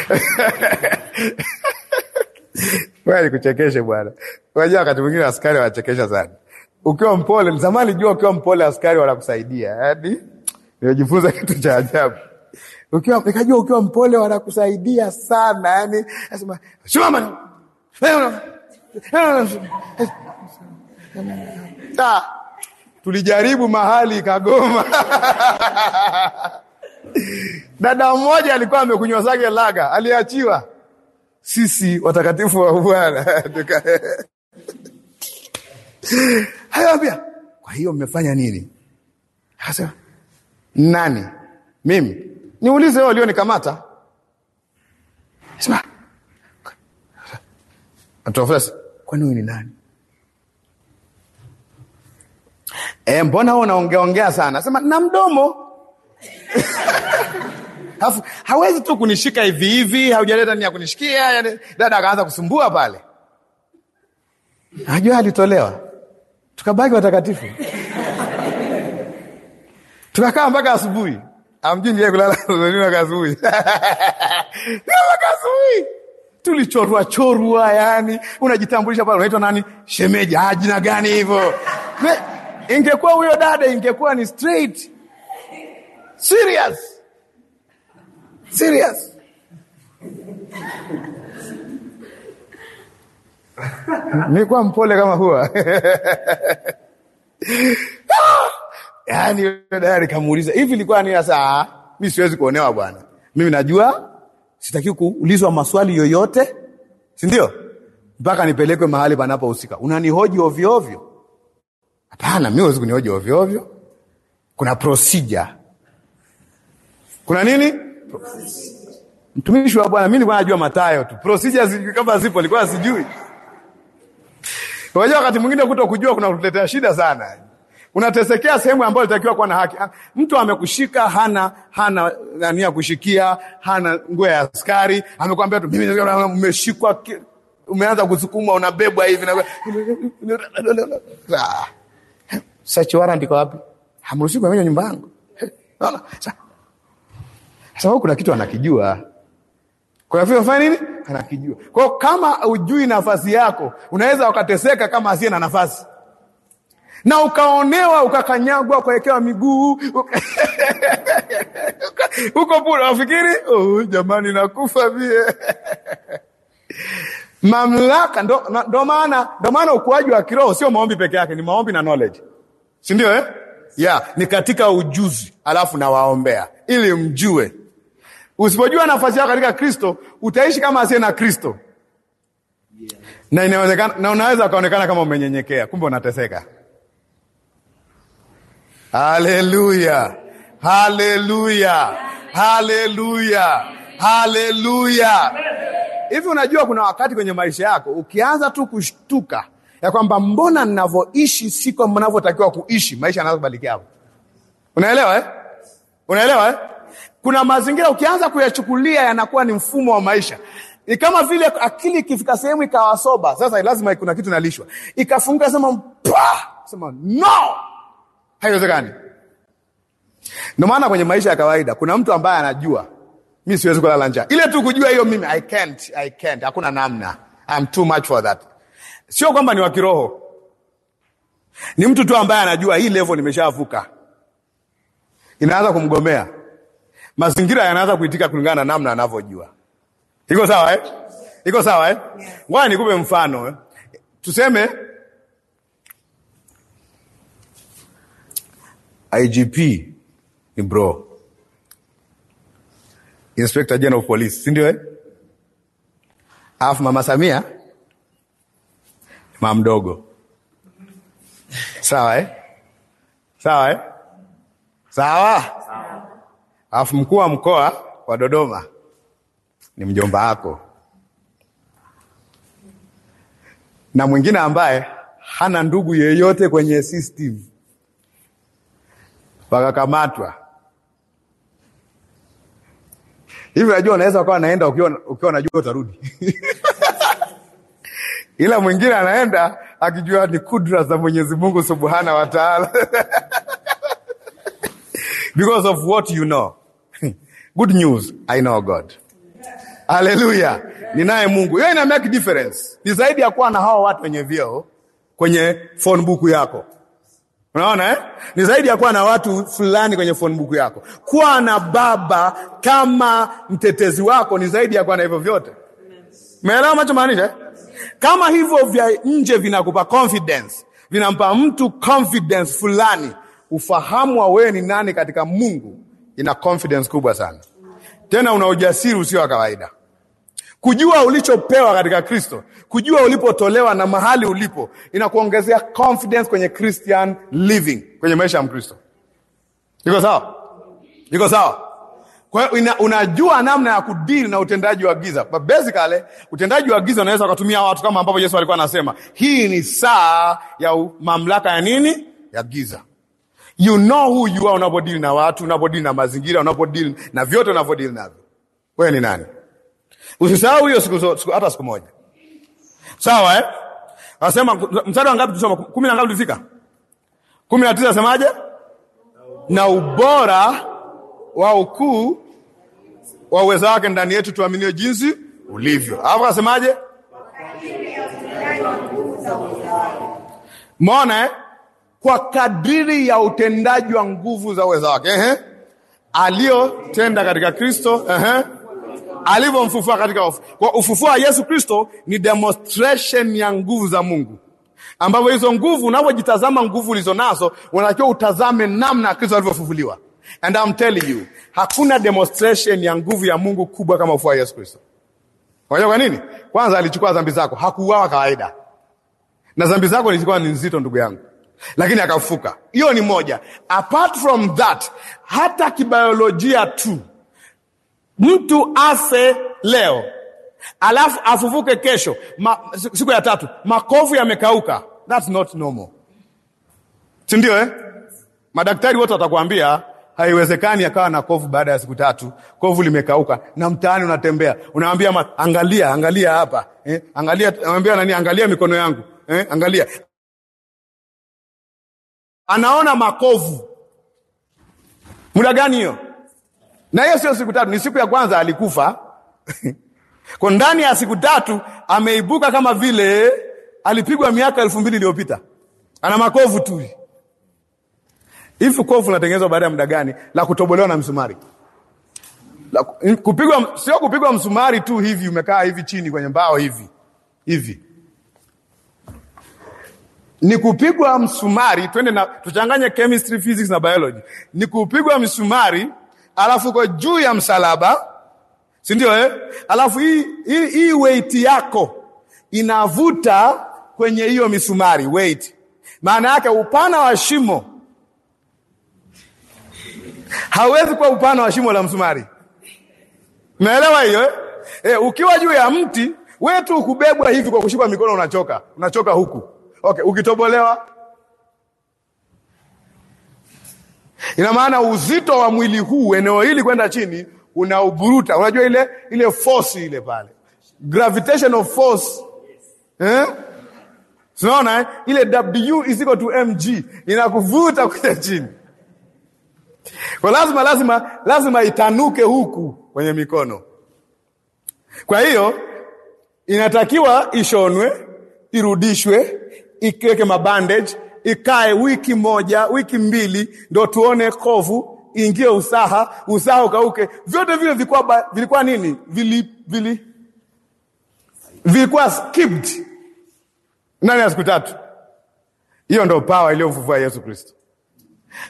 kweli, kuchekeshe bwana. Unajua wakati mwingine askari wanachekesha sana. Ukiwa mpole, zamani jua, ukiwa mpole askari wanakusaidia. Yaani nimejifunza kitu cha ajabu ukiwa nikajua ukiwa mpole wanakusaidia sana yani nasema simama tulijaribu mahali ikagoma dada mmoja alikuwa amekunywa zake laga aliachiwa sisi watakatifu wa bwana hayo kwa hiyo mmefanya nini akasema nani mimi niulize wao walionikamata kwani huyu ni nani eh, mbona wewe naongeongea sana sema na mdomo Hafu, hawezi tu kunishika hivi hivi haujaleta nia kunishikia yani dada akaanza kusumbua pale najua alitolewa tukabaki watakatifu tukakaa mpaka asubuhi amjingie kulala nini kasui kama tulichorwa chorwa, yani unajitambulisha pale, unaitwa nani, shemeji? Ah, gani hivyo? ingekuwa huyo dada, ingekuwa ni straight serious serious nilikuwa mpole kama huwa ah! Yani yule dada nikamuuliza, hivi ilikuwa nini sasa? Ah, mimi siwezi kuonewa bwana. Mimi najua sitaki kuulizwa maswali yoyote, si ndio? Mpaka nipelekwe mahali panapohusika. Unanihoji ovyo ovyo? Hapana, mimi huwezi kunihoji ovyo ovyo. Kuna procedure. Kuna nini? Mtumishi wa Bwana, mimi nilikuwa najua Mathayo tu. Procedures kama zipo nilikuwa sijui. Unajua wakati mwingine kuto kujua kuna kutuletea shida sana unatesekea sehemu ambayo itakiwa kuwa na haki. Mtu amekushika hana hana nani ya kushikia, hana nguo ya askari, amekwambia tu mimi umeshikwa, umeanza kusukumwa, unabebwa hivi na search warrant wapi? Hamruhusi kuja nyumba yangu. Ah, sababu kuna kitu anakijua. Kwa hivyo fanya nini? Anakijua. Kwa kama ujui nafasi yako, unaweza ukateseka kama asiye na nafasi na ukaonewa, ukakanyagwa, ukawekewa miguu huko pura oh, jamani nakufa vie mamlaka. Ndo, ndo maana ndo maana ukuaji wa kiroho sio maombi peke yake, ni maombi na knowledge, si ndio eh? Yeah, ni katika ujuzi, alafu nawaombea ili mjue. Usipojua nafasi yako katika Kristo utaishi kama asiye na Kristo, yeah. Na inawezekana na unaweza ukaonekana kama umenyenyekea, kumbe unateseka. Haleluya, haleluya, haleluya, haleluya. Hivi unajua kuna wakati kwenye maisha yako ukianza tu kushtuka ya kwamba mbona ninavyoishi si kama ninavyotakiwa kuishi, maisha yanaanza kubadilika hapo. Unaelewa eh? Unaelewa eh? Kuna mazingira ukianza kuyachukulia yanakuwa ni mfumo wa maisha ni kama vile akili ikifika sehemu ikawasoba, sasa lazima kuna kitu nalishwa, ikafunga sema, sema no Haiwezekani. Ndio maana kwenye maisha ya kawaida kuna mtu ambaye anajua mi siwezi kulala njaa, ile tu kujua hiyo, mimi I can't, I can't, hakuna namna, I'm too much for that. Sio kwamba ni wa kiroho, ni mtu tu ambaye anajua hii level nimeshavuka, inaanza kumgomea, mazingira yanaanza kuitika kulingana na namna anavyojua. Iko sawa eh? Iko sawa eh? Ngoja nikupe mfano eh? Tuseme IGP ni bro, Inspector General of Police, si ndio eh? Alafu mama Samia mama mdogo, sawa eh? sawa eh? sawa. Alafu mkuu wa mkoa wa Dodoma ni mjomba wako, na mwingine ambaye hana ndugu yeyote kwenye system wakakamatwa hivi. Najua unaweza ukawa naenda ukiwa, najua utarudi ila mwingine anaenda akijua ni kudra za Mwenyezi Mungu subhana wa taala because of what you know good news I know God Haleluya, ninaye Mungu. Hiyo ina make difference, ni zaidi ya kuwa na hawa watu wenye vyeo kwenye phone book yako. Unaona eh? Ni zaidi ya kuwa na watu fulani kwenye phone book yako. Kuwa na baba kama mtetezi wako ni zaidi ya kuwa na hivyo vyote. Umeelewa macho maanisha? Eh? Kama hivyo vya nje vinakupa confidence, vinampa mtu confidence fulani, ufahamu wa wewe ni nani katika Mungu, ina confidence kubwa sana. Tena una ujasiri usio wa kawaida. Kujua ulichopewa katika Kristo, kujua ulipotolewa na mahali ulipo, inakuongezea confidence kwenye Christian living, kwenye maisha ya Mkristo. Iko sawa? Iko sawa? Kwa hiyo unajua namna ya kudili na utendaji wa giza. But basically, utendaji wa giza unaweza ukatumia watu kama ambavyo Yesu alikuwa anasema, hii ni saa ya mamlaka ya nini? Ya giza. You know who you are unapodili na watu, unapodili na mazingira, unapodili na vyote unavyodili navyo. Wewe ni nani? Usisahau hiyo siku hata siku moja. Sawa eh? Anasema mstari wa ngapi tusoma? 10 na ngapi tulifika? 19 nasemaje? Na ubora wa ukuu wa uwezo wake ndani yetu tuaminie jinsi ulivyo. Alafu anasemaje? Mbona eh? Kwa kadiri ya utendaji wa nguvu za uwezo wake. Ehe. Aliyotenda katika Kristo, ehe alivyomfufua katika wafu. Kwa ufufuo wa Yesu Kristo ni demonstration ya nguvu za Mungu, ambapo hizo nguvu, unavyojitazama nguvu ulizo nazo, unatakiwa utazame namna Kristo alivyofufuliwa. And I'm telling you, hakuna demonstration ya nguvu ya Mungu kubwa kama ufufuo wa Yesu Kristo. Unajua kwa nini? Kwanza alichukua dhambi zako, hakuuawa kawaida, na dhambi zako zilikuwa ni nzito, ndugu yangu, lakini akafuka. Hiyo ni moja. Apart from that, hata kibiolojia tu mtu ase leo alafu afufuke kesho ma, siku ya tatu makovu yamekauka that's not normal si ndio eh? madaktari wote watakuambia haiwezekani akawa na kovu baada ya siku tatu kovu limekauka na mtaani unatembea unawambia angalia angalia hapa eh? angalia nani angalia mikono yangu eh? angalia anaona makovu muda gani hiyo na hiyo sio siku tatu, ni siku ya kwanza alikufa kwa ndani ya siku tatu ameibuka kama vile alipigwa miaka elfu mbili iliyopita. Ana makovu tu hivi. Kovu linatengenezwa baada ya muda gani? La kutobolewa na msumari, la kupigwa, sio kupigwa msumari tu hivi, umekaa hivi chini kwenye mbao hivi hivi, ni kupigwa msumari. Twende na tuchanganye chemistry, physics na biology, ni kupigwa msumari alafu iko juu ya msalaba, si ndio eh? Alafu hii hii weight yako inavuta kwenye hiyo misumari weight, maana yake upana wa shimo hawezi kuwa upana wa shimo la msumari. Naelewa hiyo eh? Eh, ukiwa juu ya mti wetu kubebwa hivi kwa kushikwa mikono, unachoka unachoka huku, okay, ukitobolewa Ina maana uzito wa mwili huu eneo hili kwenda chini uburuta, Unajua ile ile force ile pale, gravitational force eh? Sinaona eh? ile W is equal to mg inakuvuta kwenda chini kwa lazima lazima lazima itanuke huku kwenye mikono. Kwa hiyo inatakiwa ishonwe, irudishwe, ikiweke mabandage ikae wiki moja wiki mbili ndo tuone kovu ingie usaha usaha ukauke vyote vile vilikuwa vilikuwa nini vili, vili vilikuwa skipped ndani ya siku tatu hiyo ndo power iliyofufua Yesu Kristo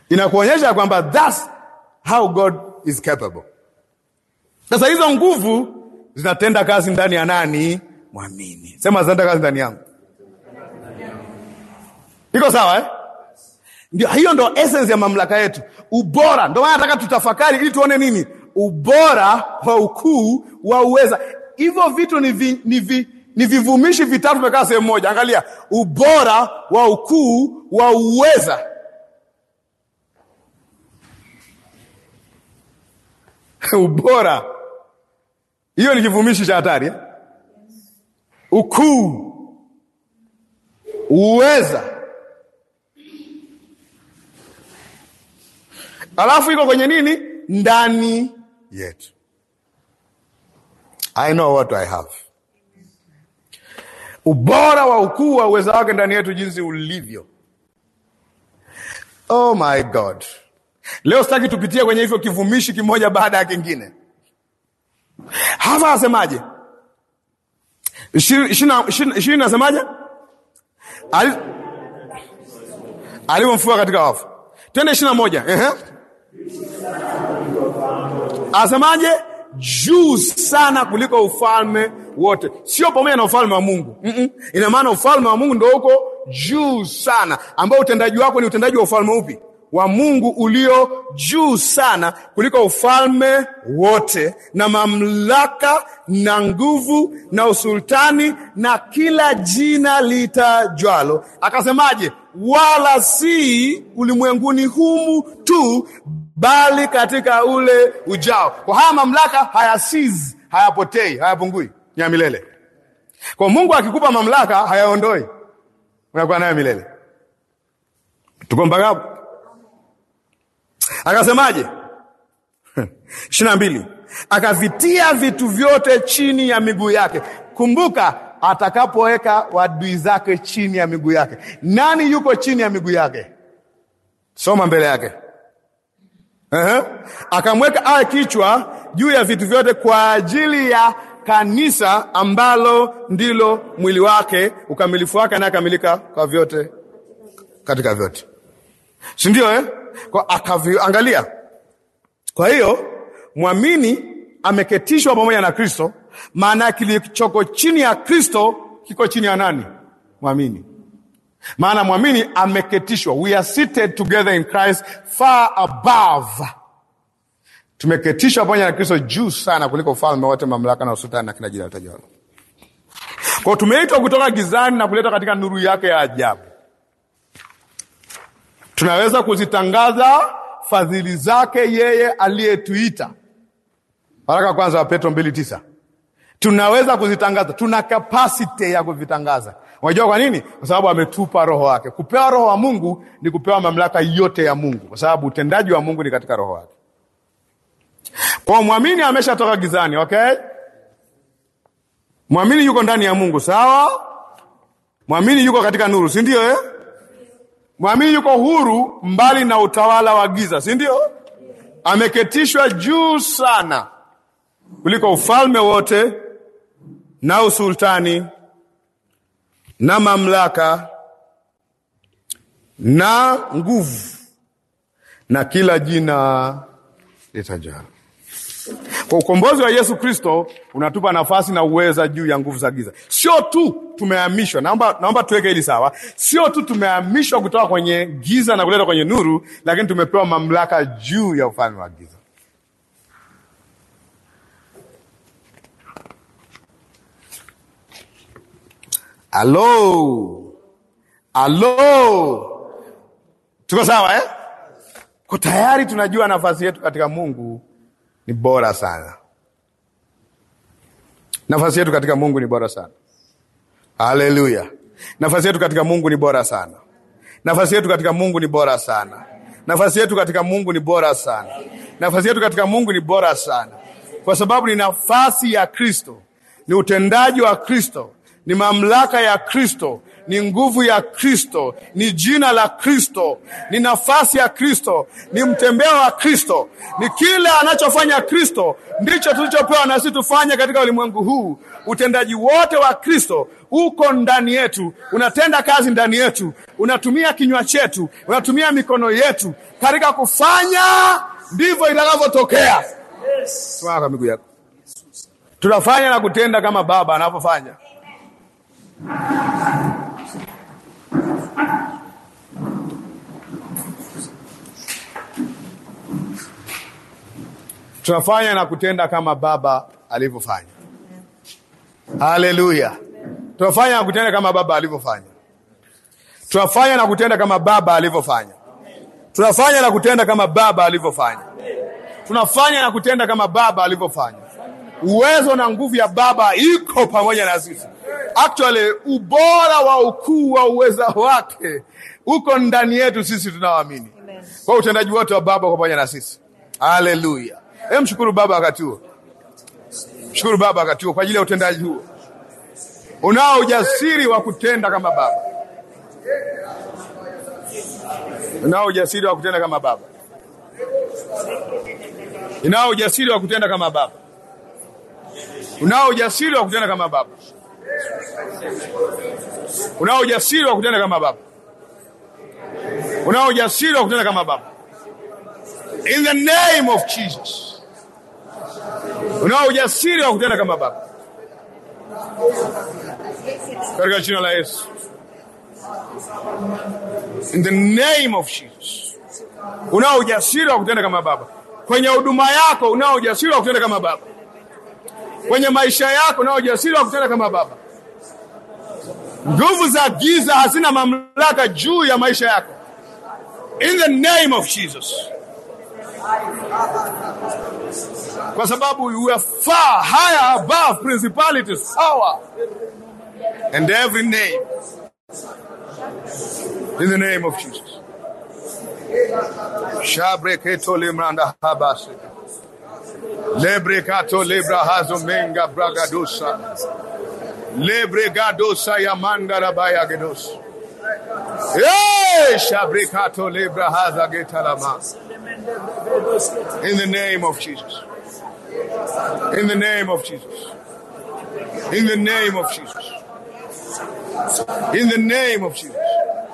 inakuonyesha kwamba that's how God is capable sasa hizo nguvu zinatenda kazi ndani ya nani mwamini sema zinatenda kazi ndani yangu iko sawa eh? Ndio, hiyo ndo essence ya mamlaka yetu, ubora. Ndio maana nataka tutafakari ili tuone nini ubora wa ukuu wa uweza. Hivyo vitu ni, vi, ni, vi, ni vivumishi vitatu vimekaa sehemu moja. Angalia, ubora wa ukuu wa uweza ubora, hiyo ni kivumishi cha hatari eh? Ukuu, uweza alafu iko kwenye nini? Ndani yetu. I know what I have, ubora wa ukuu wa uweza wake ndani yetu, jinsi ulivyo. Oh my God, leo sitaki tupitie kwenye hivyo kivumishi kimoja baada ya kingine. Hava asemaje? ishirini nasemaje? alivyomfua katika wafu, twende ishirini na moja. Asemaje? Juu sana kuliko ufalme wote, sio pamoja na ufalme wa Mungu. mm -mm. Ina maana ufalme wa Mungu ndo uko juu sana, ambao utendaji wako ni utendaji wa ufalme upi? Wa Mungu ulio juu sana kuliko ufalme wote na mamlaka na nguvu na usultani na kila jina litajwalo. Akasemaje? Wala si ulimwenguni humu tu bali katika ule ujao. Kwa haya mamlaka hayasizi, hayapotei, hayapungui, ni ya milele. Kwa Mungu akikupa mamlaka hayaondoi, unakuwa nayo milele. Tuko mpaka hapo? Akasemaje? ishirini na mbili, akavitia vitu vyote chini ya miguu yake. Kumbuka atakapoweka wadui zake chini ya miguu yake, nani yuko chini ya miguu yake? Soma mbele yake -huh. Akamweka awe kichwa juu ya vitu vyote kwa ajili ya kanisa ambalo ndilo mwili wake, ukamilifu wake, anayekamilika kwa vyote katika vyote, si ndio eh? Kwa akaviangalia. Kwa hiyo mwamini ameketishwa pamoja na Kristo, maana kilichoko chini ya Kristo kiko chini ya nani? Mwamini maana mwamini ameketishwa, we are seated together in Christ far above. Tumeketishwa pamoja na Kristo juu sana kuliko ufalme wote, mamlaka na usultani na kila jina litajwalo. Kwa tumeitwa kutoka gizani na kuletwa katika nuru yake ya ajabu. Tunaweza kuzitangaza fadhili zake yeye aliyetuita. Waraka kwanza wa Petro mbili tisa. Tunaweza kuzitangaza, tuna kapasiti ya kuvitangaza Unajua kwa nini? Kwa sababu ametupa roho wake. Kupewa roho wa Mungu ni kupewa mamlaka yote ya Mungu, kwa sababu utendaji wa Mungu ni katika roho wake. Kwa mwamini ameshatoka gizani, okay? Mwamini yuko ndani ya Mungu, sawa? Mwamini yuko katika nuru, si ndio eh? Mwamini yuko huru mbali na utawala wa giza, si ndio? Ameketishwa juu sana kuliko ufalme wote na usultani na mamlaka na nguvu na kila jina litajalo. Kwa ukombozi wa Yesu Kristo unatupa nafasi na uweza juu ya nguvu za giza. Sio tu tumehamishwa, naomba, naomba tuweke hili sawa. Sio tu tumehamishwa kutoka kwenye giza na kuleta kwenye nuru, lakini tumepewa mamlaka juu ya ufalme wa giza. Alo, alo, tuko sawa eh? Kwa tayari tunajua nafasi yetu katika Mungu ni bora sana. Nafasi yetu katika Mungu ni bora sana. Haleluya! Nafasi yetu katika Mungu ni bora sana. Nafasi yetu katika Mungu ni bora sana. Nafasi yetu katika Mungu ni bora sana. Nafasi yetu katika Mungu ni bora sana, kwa sababu ni nafasi ya Kristo, ni utendaji wa Kristo ni mamlaka ya Kristo, ni nguvu ya Kristo, ni jina la Kristo, ni nafasi ya Kristo, ni mtembeo wa Kristo, ni kile anachofanya Kristo ndicho tulichopewa na sisi tufanye katika ulimwengu huu. Utendaji wote wa Kristo uko ndani yetu, unatenda kazi ndani yetu, unatumia kinywa chetu, unatumia mikono yetu katika kufanya, ndivyo itakavyotokea. Yes. miguu yako, tunafanya na kutenda kama Baba anavyofanya. Tunafanya na kutenda kama Baba alivyofanya. Haleluya! tunafanya na kutenda kama Baba alivyofanya. Tunafanya na kutenda kama Baba alivyofanya. Tunafanya na kutenda kama Baba alivyofanya. Tunafanya na kutenda kama Baba alivyofanya. Uwezo na nguvu ya Baba iko pamoja na sisi. Actually, ubora wa ukuu wa uweza wake uko ndani yetu sisi tunaoamini, kwa utendaji wote wa Baba kwa pamoja na sisi. Haleluya! E, mshukuru Baba wakati huo, mshukuru Baba wakati huo kwa ajili ya utendaji huo. Unao ujasiri wa kutenda kama Baba, unao ujasiri wa kutenda kama Baba, unao ujasiri wa kutenda kama Baba, unao ujasiri wa kutenda kama Baba. Unao ujasiri wa kutenda kama baba, unao ujasiri wa kutenda kama baba, in the name of Jesus. Unao ujasiri wa kutenda kama baba katika jina la Yesu, in the name of Jesus. Unao ujasiri wa kutenda kama baba kwenye huduma yako, unao ujasiri wa kutenda kama baba kwenye maisha yako, unao ujasiri wa kutenda kama baba Nguvu za giza hazina mamlaka juu ya maisha yako. In the name of Jesus. Kwa sababu you are far higher above principalities, power and every name. In the name of Jesus. Shabreketo limranda habasi. Lebrekato lebra hazo menga bragadosa. Lebregado sayamandara bayagedos. Eh, shabrikato lebrahaza getalama. In the name of Jesus. In the name of Jesus. In the name of Jesus. In the name of Jesus.